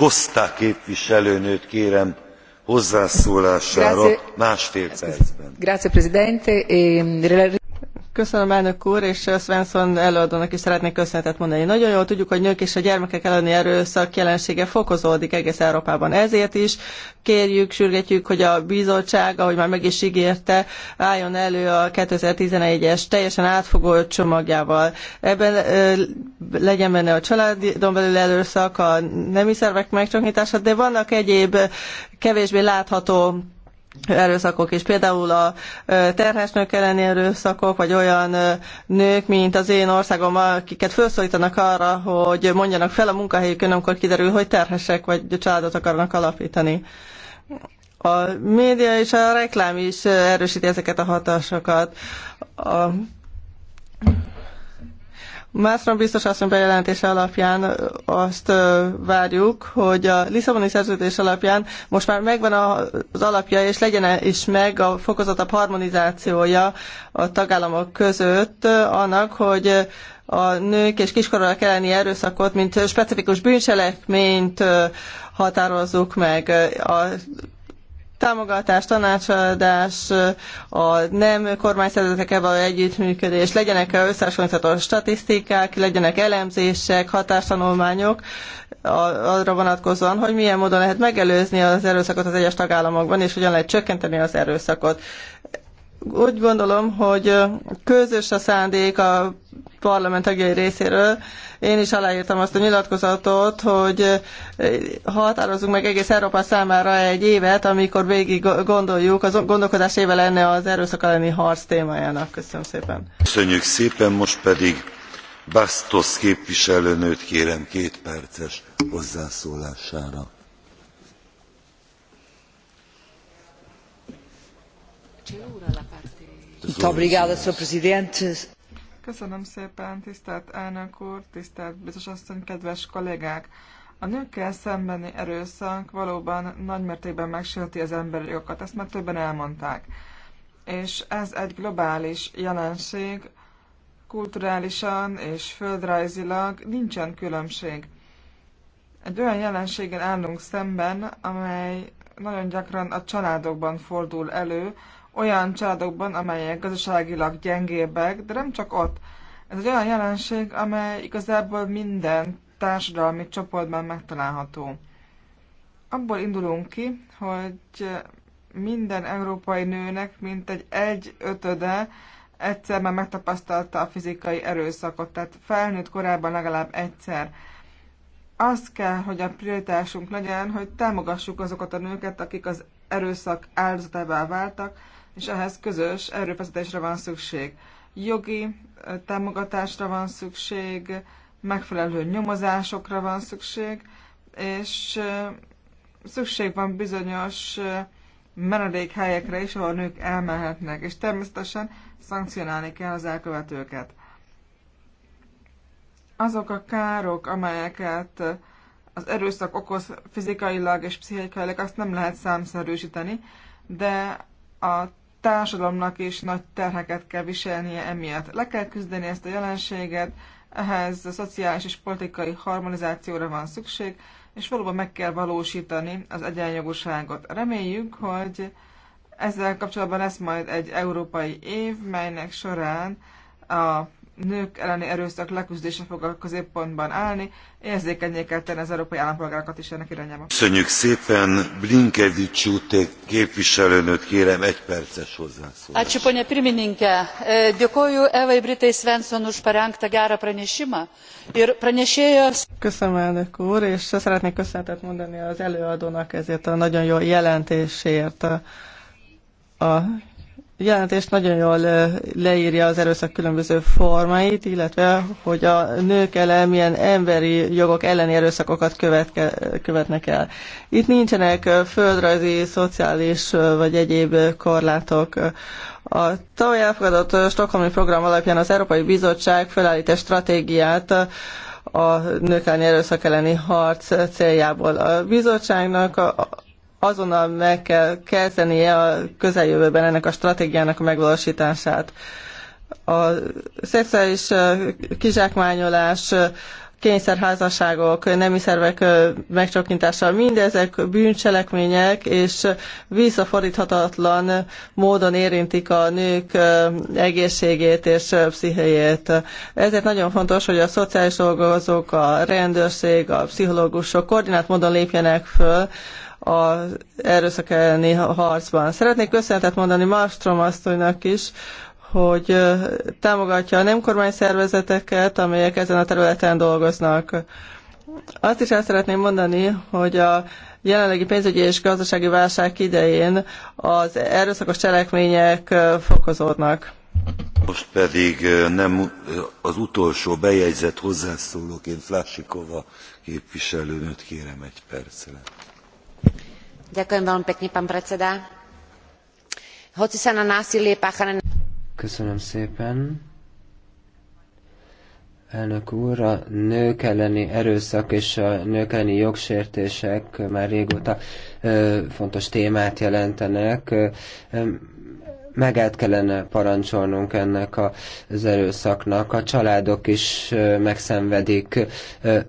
costa képviselőnőt kérem hozzászólására másfél percben. Köszönöm elnök úr, és uh, Svensson előadónak is szeretnék köszönetet mondani. Nagyon jól tudjuk, hogy nők és a gyermekek elleni erőszak jelensége fokozódik egész Európában. Ezért is kérjük, sürgetjük, hogy a bizottság, ahogy már meg is ígérte, álljon elő a 2011-es teljesen átfogó csomagjával. Ebben uh, legyen benne a családon belül erőszak, a nemi szervek megcsonkítása, de vannak egyéb kevésbé látható erőszakok is. Például a terhesnők elleni erőszakok, vagy olyan nők, mint az én országom, akiket felszólítanak arra, hogy mondjanak fel a munkahelyükön, amikor kiderül, hogy terhesek, vagy családot akarnak alapítani. A média és a reklám is erősíti ezeket a hatásokat. A Mászron biztos asszony bejelentése alapján azt várjuk, hogy a Lisszaboni szerződés alapján most már megvan az alapja, és legyen -e is meg a fokozatabb harmonizációja a tagállamok között annak, hogy a nők és kiskorúak elleni erőszakot, mint specifikus bűncselekményt határozzuk meg. A támogatás, tanácsadás, a nem kormányszervezetekkel való együttműködés, legyenek összehasonlítható statisztikák, legyenek elemzések, hatástanulmányok arra vonatkozóan, hogy milyen módon lehet megelőzni az erőszakot az egyes tagállamokban, és hogyan lehet csökkenteni az erőszakot úgy gondolom, hogy közös a szándék a parlament tagjai részéről. Én is aláírtam azt a nyilatkozatot, hogy határozunk meg egész Európa számára egy évet, amikor végig gondoljuk, az gondolkodás éve lenne az erőszak elleni harc témájának. Köszönöm szépen. Köszönjük szépen, most pedig Bastos képviselőnőt kérem két perces hozzászólására. Köszönöm szépen, tisztelt elnök úr, tisztelt biztos asszony, kedves kollégák! A nőkkel szembeni erőszak valóban nagymértékben megsérti az emberi jogokat, ezt már többen elmondták. És ez egy globális jelenség, kulturálisan és földrajzilag nincsen különbség. Egy olyan jelenséggel állunk szemben, amely nagyon gyakran a családokban fordul elő, olyan családokban, amelyek gazdaságilag gyengébbek, de nem csak ott. Ez egy olyan jelenség, amely igazából minden társadalmi csoportban megtalálható. Abból indulunk ki, hogy minden európai nőnek mint egy ötöde egyszer már megtapasztalta a fizikai erőszakot, tehát felnőtt korában legalább egyszer. Az kell, hogy a prioritásunk legyen, hogy támogassuk azokat a nőket, akik az erőszak áldozatává váltak, és ehhez közös erőfeszítésre van szükség. Jogi támogatásra van szükség, megfelelő nyomozásokra van szükség, és szükség van bizonyos menedékhelyekre is, ahol nők elmehetnek, és természetesen szankcionálni kell az elkövetőket. Azok a károk, amelyeket az erőszak okoz fizikailag és pszichikailag, azt nem lehet számszerűsíteni, de a társadalomnak is nagy terheket kell viselnie emiatt. Le kell küzdeni ezt a jelenséget, ehhez a szociális és politikai harmonizációra van szükség, és valóban meg kell valósítani az egyenjogúságot. Reméljük, hogy ezzel kapcsolatban lesz majd egy európai év, melynek során a nők elleni erőszak leküzdése fog a középpontban állni. Érzékenyé kell tenni az európai állampolgárokat is ennek irányába. Köszönjük szépen. Blinkevics úté képviselőnőt kérem egy perces hozzászólás. Ačiū, ponia pirmininkė. E, dėkoju Evai Britai Svensson už parengtą gerą pranešimą. Ir pranešėjos... Köszönöm, elnök úr, és szeretnék köszönetet mondani az előadónak ezért a nagyon jó jelentésért. a jelentés nagyon jól leírja az erőszak különböző formáit, illetve hogy a nők ellen milyen emberi jogok elleni erőszakokat követke, követnek el. Itt nincsenek földrajzi, szociális vagy egyéb korlátok. A tavaly elfogadott Stockholmi program alapján az Európai Bizottság felállít egy stratégiát a nők elleni erőszak elleni harc céljából. A bizottságnak a azonnal meg kell kezdenie a közeljövőben ennek a stratégiának a megvalósítását. A szexuális kizsákmányolás, kényszerházasságok, nemi szervek megcsokintása, mindezek bűncselekmények, és visszafordíthatatlan módon érintik a nők egészségét és pszichéjét. Ezért nagyon fontos, hogy a szociális dolgozók, a rendőrség, a pszichológusok koordinált módon lépjenek föl, az erőszak elleni harcban. Szeretnék köszönetet mondani Marstrom asszonynak is, hogy támogatja a nem szervezeteket, amelyek ezen a területen dolgoznak. Azt is el szeretném mondani, hogy a jelenlegi pénzügyi és gazdasági válság idején az erőszakos cselekmények fokozódnak. Most pedig nem az utolsó bejegyzett hozzászólóként Flásikova képviselőnőt kérem egy percre hoci sa na násilie páchané na Köszönöm szépen. Elnök úr, a nők elleni erőszak és a nők elleni jogsértések már régóta ö, fontos témát jelentenek. Megállt kellene parancsolnunk ennek az erőszaknak. A családok is megszenvedik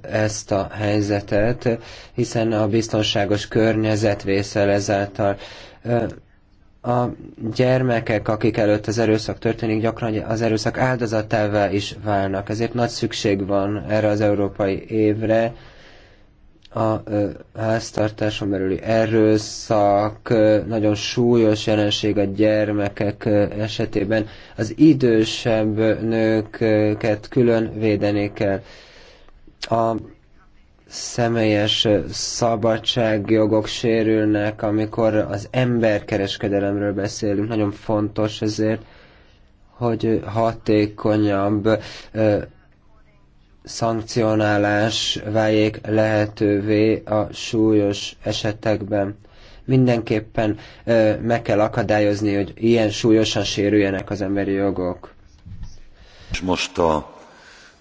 ezt a helyzetet, hiszen a biztonságos környezet vészel ezáltal a gyermekek, akik előtt az erőszak történik, gyakran az erőszak áldozatává is válnak. Ezért nagy szükség van erre az európai évre, a háztartáson belüli erőszak, nagyon súlyos jelenség a gyermekek esetében. Az idősebb nőket külön védeni kell. A személyes szabadságjogok sérülnek, amikor az emberkereskedelemről beszélünk. Nagyon fontos ezért, hogy hatékonyabb szankcionálás váljék lehetővé a súlyos esetekben. Mindenképpen ö, meg kell akadályozni, hogy ilyen súlyosan sérüljenek az emberi jogok. És most a,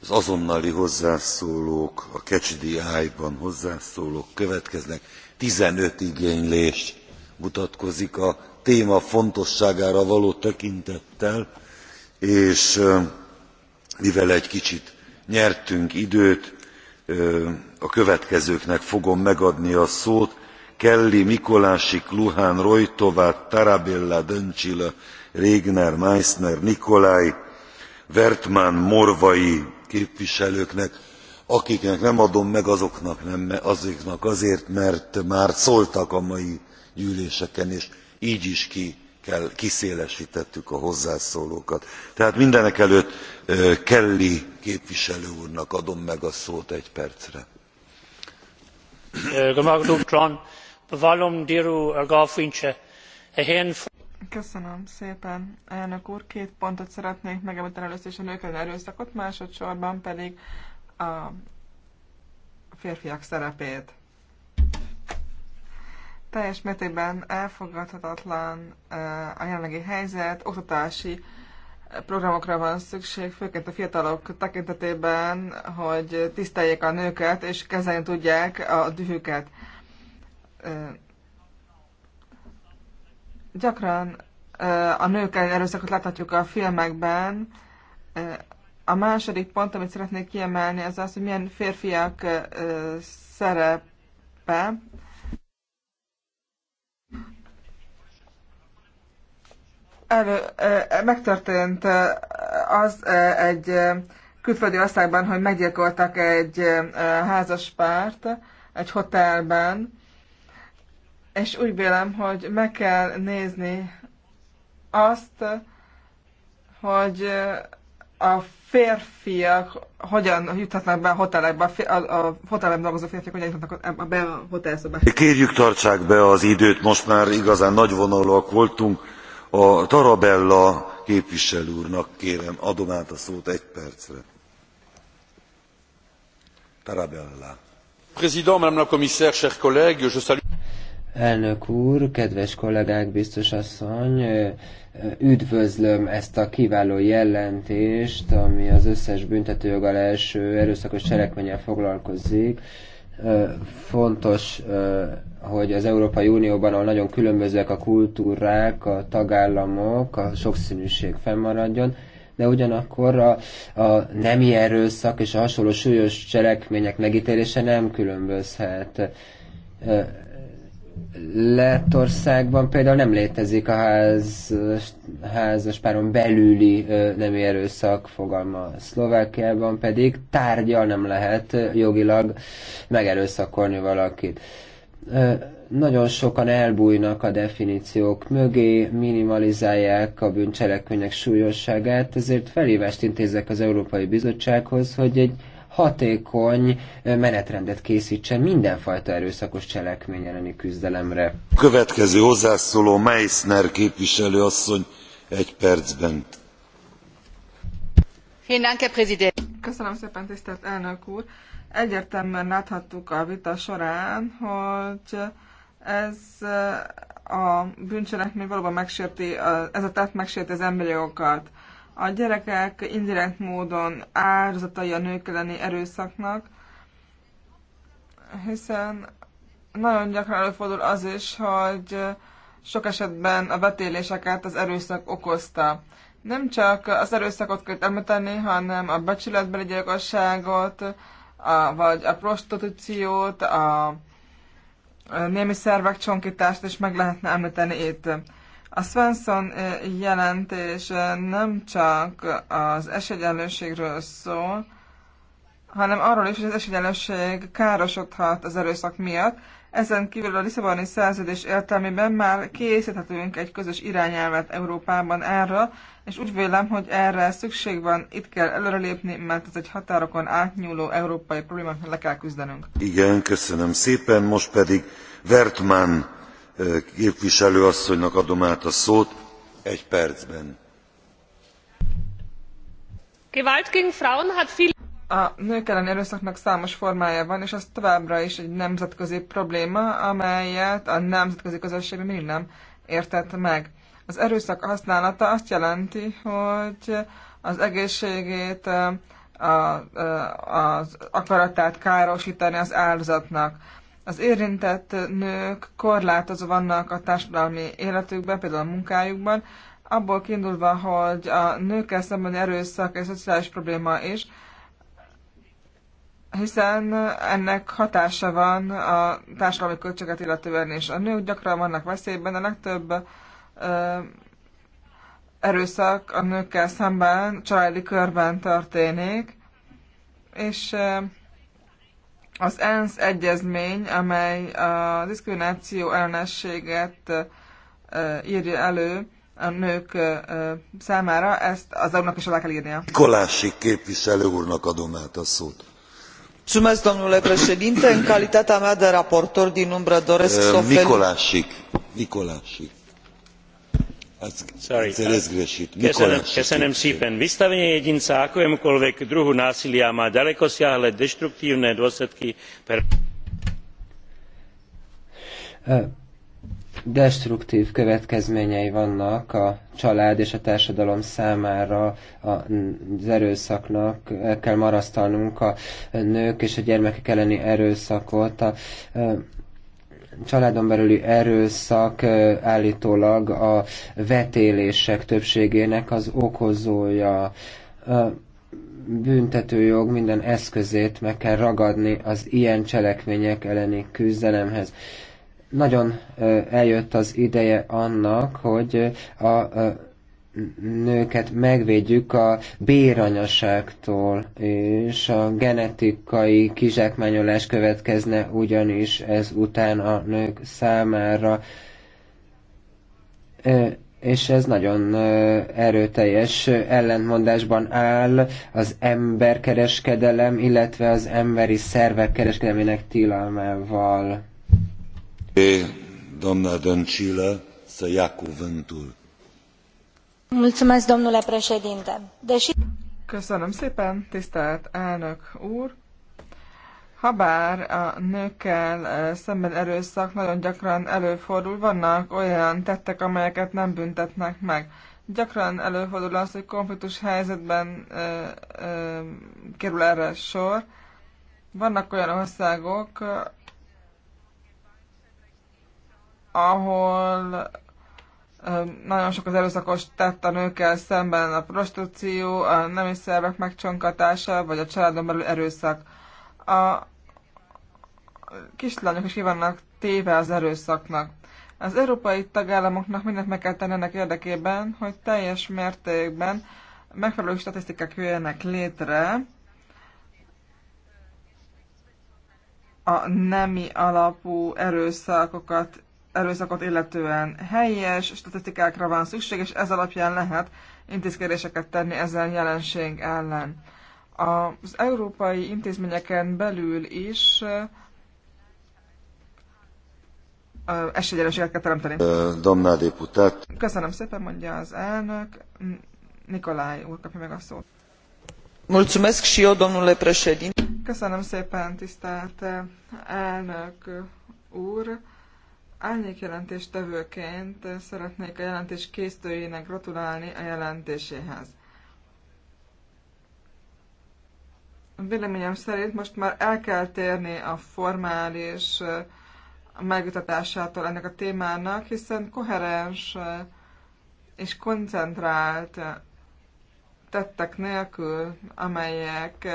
az azonnali hozzászólók, a kecsidi ájban hozzászólók következnek. 15 igénylés mutatkozik a téma fontosságára való tekintettel, és ö, mivel egy kicsit nyertünk időt a következőknek fogom megadni a szót kelly mikoláik luhan roithov tarabella dncil regner meissner nicolai wertmann morvai képviselőknek akiknek nem adom meg azoknak, nem, azoknak azért mert már szóltak a mai gyűléseken és gy is ki kell kiszélestettük a hozzászólókat. tehát mindenekelőtt kelly képviselő úrnak adom meg a szót egy percre. Köszönöm szépen, elnök úr. Két pontot szeretnék megemlíteni először is a nők erőszakot, másodszorban pedig a férfiak szerepét. Teljes mértékben elfogadhatatlan eh, a jelenlegi helyzet, oktatási eh, programokra van szükség, főként a fiatalok tekintetében, hogy tiszteljék a nőket, és kezelni tudják a dühüket. Eh, gyakran a nők erőszakot láthatjuk a filmekben. A második pont, amit szeretnék kiemelni, az az, hogy milyen férfiak szerepe elő, megtörtént az egy külföldi országban, hogy meggyilkoltak egy házas párt egy hotelben, és úgy vélem, hogy meg kell nézni azt, hogy a férfiak hogyan juthatnak be a hotelekbe, a, a hotelben dolgozó férfiak hogyan juthatnak be a hotelszobába. Kérjük, tartsák be az időt, most már igazán nagyvonalúak voltunk a tarabella képviselő úrnak kérem adom át a szót egy percre. tarabella. Elnök úr, kedves kollégák, biztos asszony, üdvözlöm ezt a kiváló jelentést, ami az összes büntetőjog első erőszakos cselekménnyel foglalkozik fontos, hogy az Európai Unióban, ahol nagyon különbözőek a kultúrák, a tagállamok, a sokszínűség fennmaradjon, de ugyanakkor a, a nemi erőszak és a hasonló súlyos cselekmények megítélése nem különbözhet Lettországban például nem létezik a ház, páron belüli nem erőszak fogalma. Szlovákiában pedig tárgyal nem lehet jogilag megerőszakolni valakit. Nagyon sokan elbújnak a definíciók mögé, minimalizálják a bűncselekmények súlyosságát, ezért felhívást intézek az Európai Bizottsághoz, hogy egy hatékony menetrendet készítsen mindenfajta erőszakos cselekmény elleni küzdelemre. Következő hozzászóló Meissner képviselő asszony egy percben. Köszönöm szépen, tisztelt elnök úr! Egyértelműen láthattuk a vita során, hogy ez a bűncselekmény valóban megsérti, ez a tett megsérti az emberi jogokat. A gyerekek indirekt módon áldozatai a nők elleni erőszaknak, hiszen nagyon gyakran előfordul az is, hogy sok esetben a vetéléseket az erőszak okozta. Nem csak az erőszakot kell említeni, hanem a becsületbeli gyilkosságot, a, vagy a prostitúciót, a, a némi szervek csonkítást is meg lehetne említeni itt. A Svensson jelentés nem csak az esélyegyenlőségről szól, hanem arról is, hogy az esélyegyenlőség károsodhat az erőszak miatt. Ezen kívül a Lisszaboni szerződés értelmében már készíthetünk egy közös irányelvet Európában erre, és úgy vélem, hogy erre szükség van, itt kell előrelépni, mert ez egy határokon átnyúló európai problémát le kell küzdenünk. Igen, köszönöm szépen, most pedig Vertmann képviselő asszonynak adom át a szót egy percben. A nők elleni erőszaknak számos formája van, és ez továbbra is egy nemzetközi probléma, amelyet a nemzetközi közösségben mindig nem értett meg. Az erőszak használata azt jelenti, hogy az egészségét, a, a, az akaratát károsítani az áldozatnak. Az érintett nők korlátozó vannak a társadalmi életükben, például a munkájukban, abból kiindulva, hogy a nőkkel szembeni erőszak egy szociális probléma is, hiszen ennek hatása van a társadalmi költséget illetően is. A nők gyakran vannak veszélyben, a legtöbb ö, erőszak a nőkkel szemben családi körben történik, és ö, az ENSZ egyezmény, amely a diszkrimináció ellenességet írja elő a nők számára, ezt az úrnak is alá kell írnia. Kolási képviselő úrnak adom át a szót în calitatea mea de raportor din umbră doresc să ofer vystavenie jedinca akémukoľvek druhu násilia má ďalekosiahle deštruktívne dôsledky pre. destruktv következményei vannak a család és a társadalom számára az erőszaknak. El kell marasztalnunk a nők és a gyermekek elleni erőszakot. A családon belüli erőszak állítólag a vetélések többségének az okozója. A büntetőjog minden eszközét meg kell ragadni az ilyen cselekmények elleni küzdelemhez. Nagyon eljött az ideje annak, hogy a nőket megvédjük a béranyaságtól, és a genetikai kizsákmányolás következne ugyanis ez után a nők számára. És ez nagyon erőteljes ellentmondásban áll az emberkereskedelem, illetve az emberi szervek kereskedelmének tilalmával. Domna Dăncilă să ia Köszönöm szépen, tisztelt elnök úr! Habár a nőkkel eh, szemben erőszak nagyon gyakran előfordul, vannak olyan tettek, amelyeket nem büntetnek meg. Gyakran előfordul az, hogy konfliktus helyzetben ö, eh, ö, eh, kerül erre sor. Vannak olyan országok, ahol nagyon sok az erőszakos tett a nőkkel szemben a prostitúció, a nemi szervek megcsonkatása, vagy a családon belül erőszak. A kislányok is kívánnak téve az erőszaknak. Az európai tagállamoknak mindent meg kell tenni ennek érdekében, hogy teljes mértékben megfelelő statisztikák jöjjenek létre a nemi alapú erőszakokat erőszakot illetően helyes statisztikákra van szükség, és ez alapján lehet intézkedéseket tenni ezen jelenség ellen. Az európai intézményeken belül is esélyegyenlőséget kell teremteni. Domná deputát. Köszönöm szépen, mondja az elnök. Nikolaj úr kapja meg a szót. Mulțumesc și eu, domnule președinte. Köszönöm szépen, tisztelt elnök úr. Árnyék jelentéstevőként szeretnék a jelentés készítőjének gratulálni a jelentéséhez. Véleményem szerint most már el kell térni a formális eh, megvitatásától ennek a témának, hiszen koherens eh, és koncentrált eh, tettek nélkül, amelyek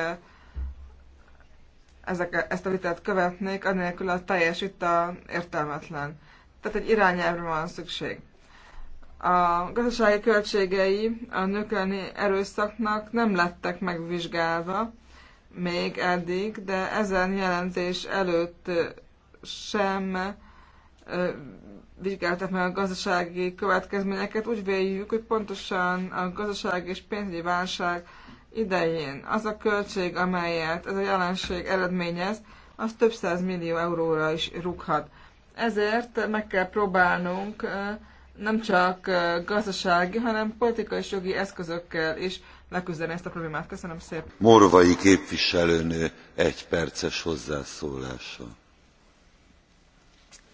ezek, ezt a vitát követnék, anélkül a teljes vita értelmetlen. Tehát egy irányelvre van szükség. A gazdasági költségei a nökelni erőszaknak nem lettek megvizsgálva még eddig, de ezen jelentés előtt sem vizsgálták meg a gazdasági következményeket. Úgy véljük, hogy pontosan a gazdasági és pénzügyi válság idején az a költség, amelyet ez a jelenség eredményez, az több száz millió euróra is rúghat. Ezért meg kell próbálnunk nem csak gazdasági, hanem politikai és jogi eszközökkel is leküzdeni ezt a problémát. Köszönöm szépen. Morvai képviselőnő egy perces hozzászólása.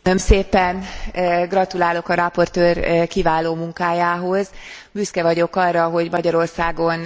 Köszönöm szépen, gratulálok a raportőr kiváló munkájához. Büszke vagyok arra, hogy Magyarországon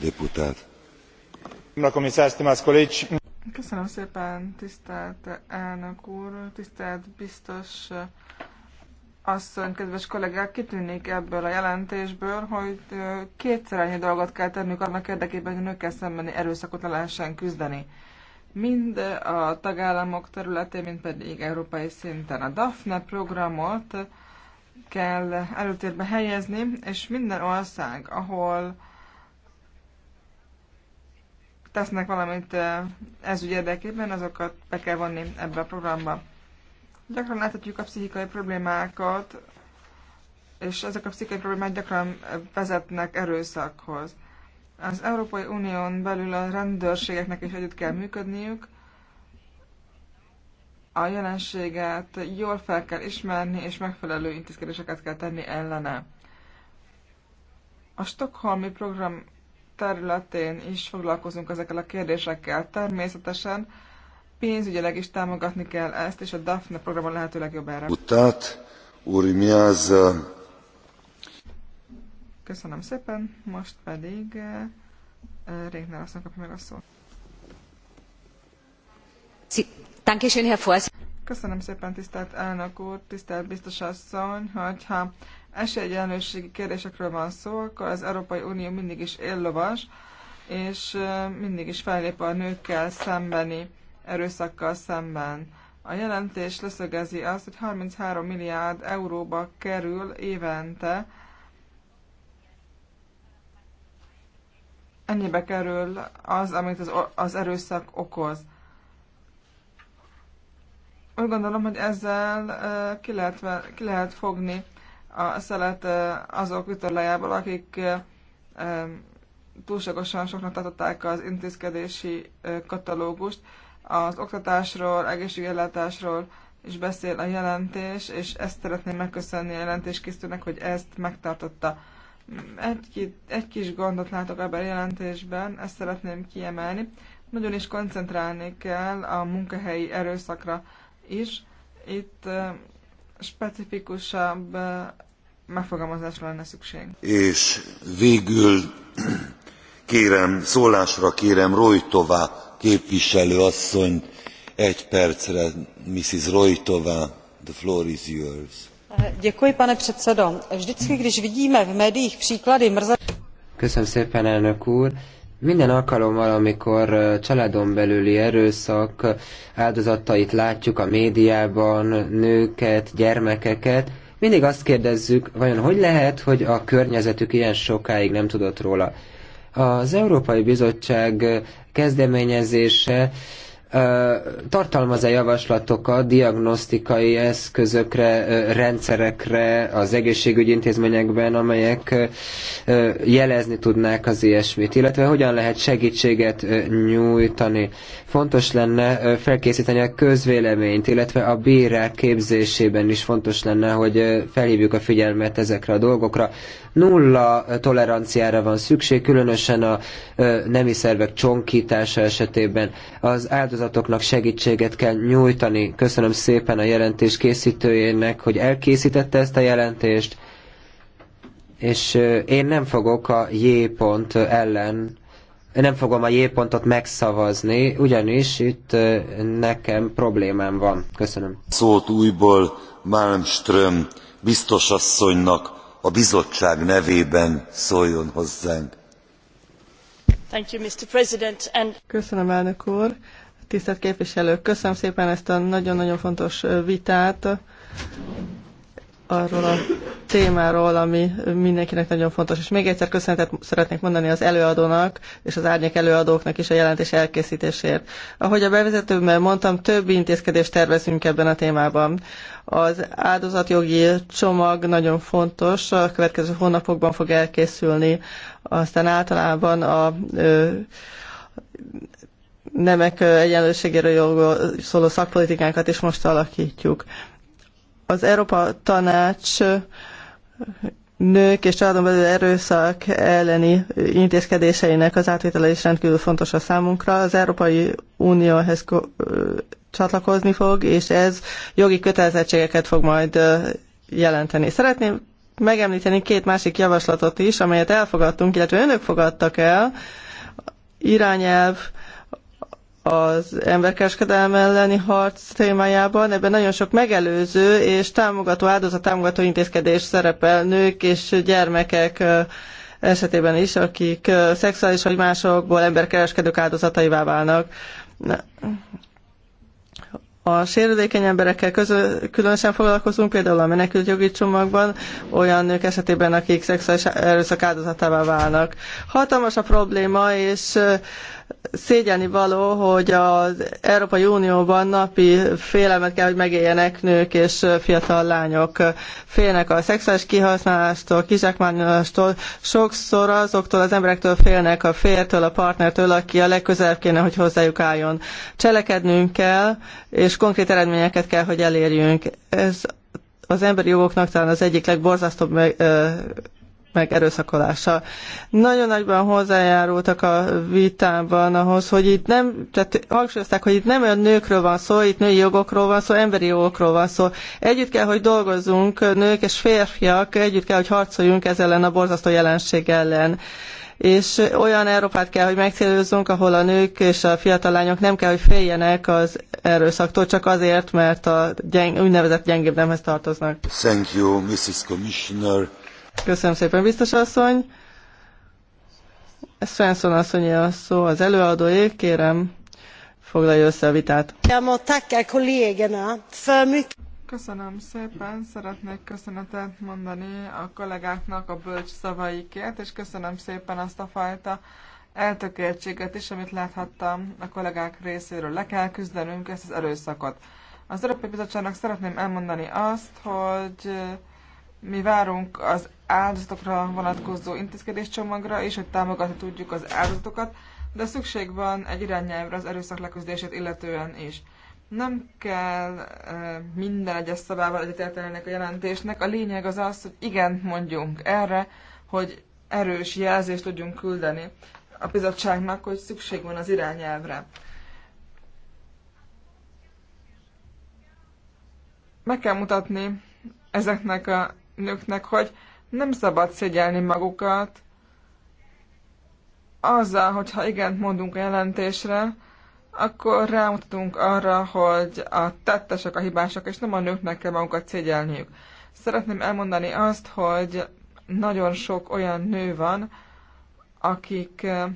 deputat. Köszönöm szépen, tisztelt elnök úr, tisztelt biztos asszony, kedves kollégák, kitűnik ebből a jelentésből, hogy kétszer annyi dolgot kell tennünk annak érdekében, hogy a nőkkel szembeni erőszakot le lehessen küzdeni. Mind a tagállamok területén, mind pedig európai szinten. A DAFNE programot kell előtérbe helyezni, és minden ország, ahol tesznek valamit ez ügy érdekében, azokat be kell vonni ebbe a programba. Gyakran láthatjuk a pszichikai problémákat, és ezek a pszichikai problémák gyakran vezetnek erőszakhoz. Az Európai Unión belül a rendőrségeknek is együtt kell működniük, a jelenséget jól fel kell ismerni, és megfelelő intézkedéseket kell tenni ellene. A Stockholmi program területén is foglalkozunk ezekkel a kérdésekkel. Természetesen pénzügyileg is támogatni kell ezt, és a DAFNE programon lehetőleg jobb erre. Utát, az? Köszönöm szépen, most pedig Régner azt kapja meg a szót. Köszönöm szépen, tisztelt elnök úr, tisztelt biztos asszony, hogyha esélyegyenlőségi kérdésekről van szó, akkor az Európai Unió mindig is éllovas, és mindig is fellép a nőkkel szembeni erőszakkal szemben. A jelentés leszögezi azt, hogy 33 milliárd euróba kerül évente. Ennyibe kerül az, amit az, az erőszak okoz. Úgy gondolom, hogy ezzel ki lehet, ki lehet fogni a szelet azok vitorlájából, akik túlságosan soknak tartották az intézkedési katalógust. Az oktatásról, egészségellátásról is beszél a jelentés, és ezt szeretném megköszönni a jelentéskészítőnek, hogy ezt megtartotta. Egy, egy kis gondot látok ebben a jelentésben, ezt szeretném kiemelni. Nagyon is koncentrálni kell a munkahelyi erőszakra is. Itt specifikusabb megfogalmazásra lenne szükség. És végül kérem, szólásra kérem Rojtová képviselő asszonyt egy percre, Mrs. Rojtová, the floor is yours. Eh, děkuji, pane předsedo. Vždycky, když vidíme v médiích příklady mrzačení... Köszönöm szépen, elnök úr. Minden alkalommal, amikor családon belüli erőszak áldozatait látjuk a médiában, nőket, gyermekeket, mindig azt kérdezzük, vajon hogy lehet, hogy a környezetük ilyen sokáig nem tudott róla. Az Európai Bizottság kezdeményezése tartalmaz-e javaslatokat diagnosztikai eszközökre, rendszerekre az egészségügyi intézményekben, amelyek jelezni tudnák az ilyesmit, illetve hogyan lehet segítséget nyújtani. Fontos lenne felkészíteni a közvéleményt, illetve a bírák képzésében is fontos lenne, hogy felhívjuk a figyelmet ezekre a dolgokra. Nulla toleranciára van szükség, különösen a nemi szervek csonkítása esetében. Az áldozatoknak segítséget kell nyújtani. Köszönöm szépen a jelentés készítőjének, hogy elkészítette ezt a jelentést, és én nem fogok a J pont ellen nem fogom a J pontot megszavazni, ugyanis itt nekem problémám van. Köszönöm. Szót újból Malmström biztos a bizottság nevében szóljon hozzánk. Köszönöm, elnök úr. Tisztelt képviselők, köszönöm szépen ezt a nagyon-nagyon fontos vitát arról a témáról, ami mindenkinek nagyon fontos. És még egyszer köszönetet szeretnék mondani az előadónak és az árnyék előadóknak is a jelentés elkészítésért. Ahogy a bevezetőben mondtam, több intézkedést tervezünk ebben a témában. Az áldozatjogi csomag nagyon fontos, a következő hónapokban fog elkészülni. Aztán általában a ö, nemek egyenlőségéről szóló szakpolitikánkat is most alakítjuk az Európa Tanács nők és családon belül erőszak elleni intézkedéseinek az átvétele is rendkívül fontos a számunkra. Az Európai Unióhez csatlakozni fog, és ez jogi kötelezettségeket fog majd jelenteni. Szeretném megemlíteni két másik javaslatot is, amelyet elfogadtunk, illetve önök fogadtak el, irányelv az emberkereskedelem elleni harc témájában. Ebben nagyon sok megelőző és támogató áldozat, támogató intézkedés szerepel nők és gyermekek esetében is, akik szexuális vagy másokból emberkereskedők áldozataivá válnak. A sérülékeny emberekkel közül, különösen foglalkozunk, például a menekült jogi csomagban, olyan nők esetében, akik szexuális erőszak áldozatává válnak. Hatalmas a probléma, és szégyeni való, hogy az Európai Unióban napi félelmet kell, hogy megéljenek nők és fiatal lányok. Félnek a szexuális kihasználástól, kizsákmányolástól, sokszor azoktól az emberektől félnek, a fértől, a partnertől, aki a legközelebb kéne, hogy hozzájuk álljon. Cselekednünk kell, és konkrét eredményeket kell, hogy elérjünk. Ez az emberi jogoknak talán az egyik legborzasztóbb meg erőszakolása. Nagyon nagyban hozzájárultak a vitában ahhoz, hogy itt nem, tehát hangsúlyozták, hogy itt nem olyan nőkről van szó, itt női jogokról van szó, emberi jogokról van szó. Együtt kell, hogy dolgozzunk, nők és férfiak, együtt kell, hogy harcoljunk ezzel ellen a borzasztó jelenség ellen és olyan Európát kell, hogy megcélozzunk, ahol a nők és a fiatal lányok nem kell, hogy féljenek az erőszaktól, csak azért, mert a gyeng, úgynevezett gyengébb nemhez tartoznak. Thank you, Mrs. Commissioner. Köszönöm szépen, biztos asszony. Svensson asszony a szó, az előadóé, kérem, foglalja össze a vitát. Köszönöm szépen, szeretnék köszönetet mondani a kollégáknak a bölcs szavaikért, és köszönöm szépen azt a fajta eltökéltséget is, amit láthattam a kollégák részéről. Le kell küzdenünk ezt az erőszakot. Az Európai Bizottságnak szeretném elmondani azt, hogy mi várunk az áldozatokra vonatkozó intézkedéscsomagra és hogy támogatni tudjuk az áldozatokat, de szükség van egy irányelvre az erőszak leküzdését illetően is. Nem kell minden egyes szabával egyetértenének a jelentésnek, a lényeg az az, hogy igen mondjunk erre, hogy erős jelzést tudjunk küldeni a bizottságnak, hogy szükség van az irányelvre. Meg kell mutatni ezeknek a nőknek, hogy nem szabad szégyelni magukat azzal, hogyha igent mondunk a jelentésre, akkor rámutatunk arra, hogy a tettesek a hibások, és nem a nőknek kell magukat szégyelniük. Szeretném elmondani azt, hogy nagyon sok olyan nő van, akik eh,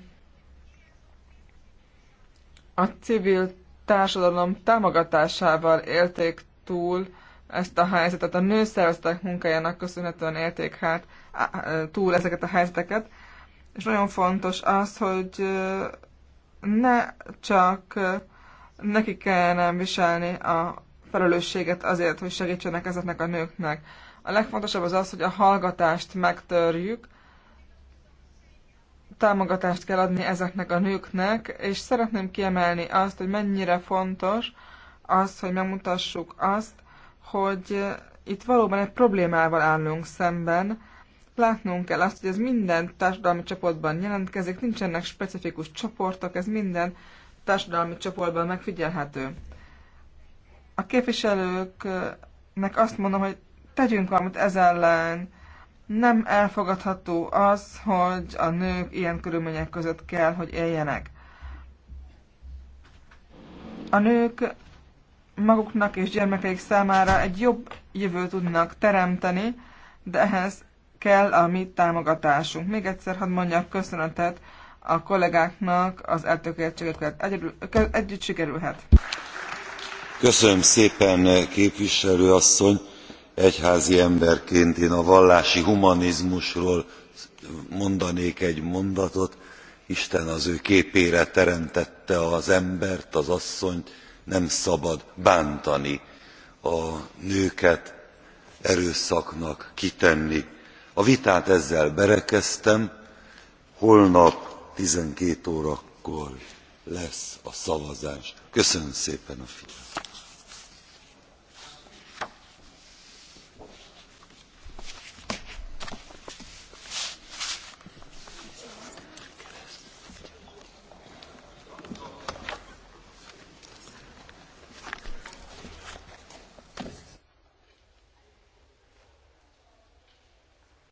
a civil társadalom támogatásával élték túl ezt a helyzetet. A nőszervezetek munkájának köszönhetően élték hát túl ezeket a helyzeteket. És nagyon fontos az, hogy ne csak nekik kellene viselni a felelősséget azért, hogy segítsenek ezeknek a nőknek. A legfontosabb az az, hogy a hallgatást megtörjük, támogatást kell adni ezeknek a nőknek, és szeretném kiemelni azt, hogy mennyire fontos az, hogy megmutassuk azt, hogy eh, itt valóban egy problémával állunk szemben. Látnunk kell azt, hogy ez minden társadalmi csoportban jelentkezik, nincsenek specifikus csoportok, ez minden társadalmi csoportban megfigyelhető. A képviselőknek azt mondom, hogy tegyünk valamit ez ellen. Nem elfogadható az, hogy a nők ilyen körülmények között kell, hogy éljenek. A nők maguknak és gyermekeik számára egy jobb jövőt tudnak teremteni, de ehhez kell a mi támogatásunk. Még egyszer hadd mondjak köszönetet a kollégáknak az eltökéltségeket. Együtt, együtt sikerülhet. Köszönöm szépen, képviselő asszony. Egyházi emberként én a vallási humanizmusról mondanék egy mondatot. Isten az ő képére teremtette az embert, az asszonyt, nem szabad bántani a nőket erőszaknak kitenni. a vitát ezzel berekeztem holnap twelve órakor lesz a szavazás. köszönöm szépen a figyelmet.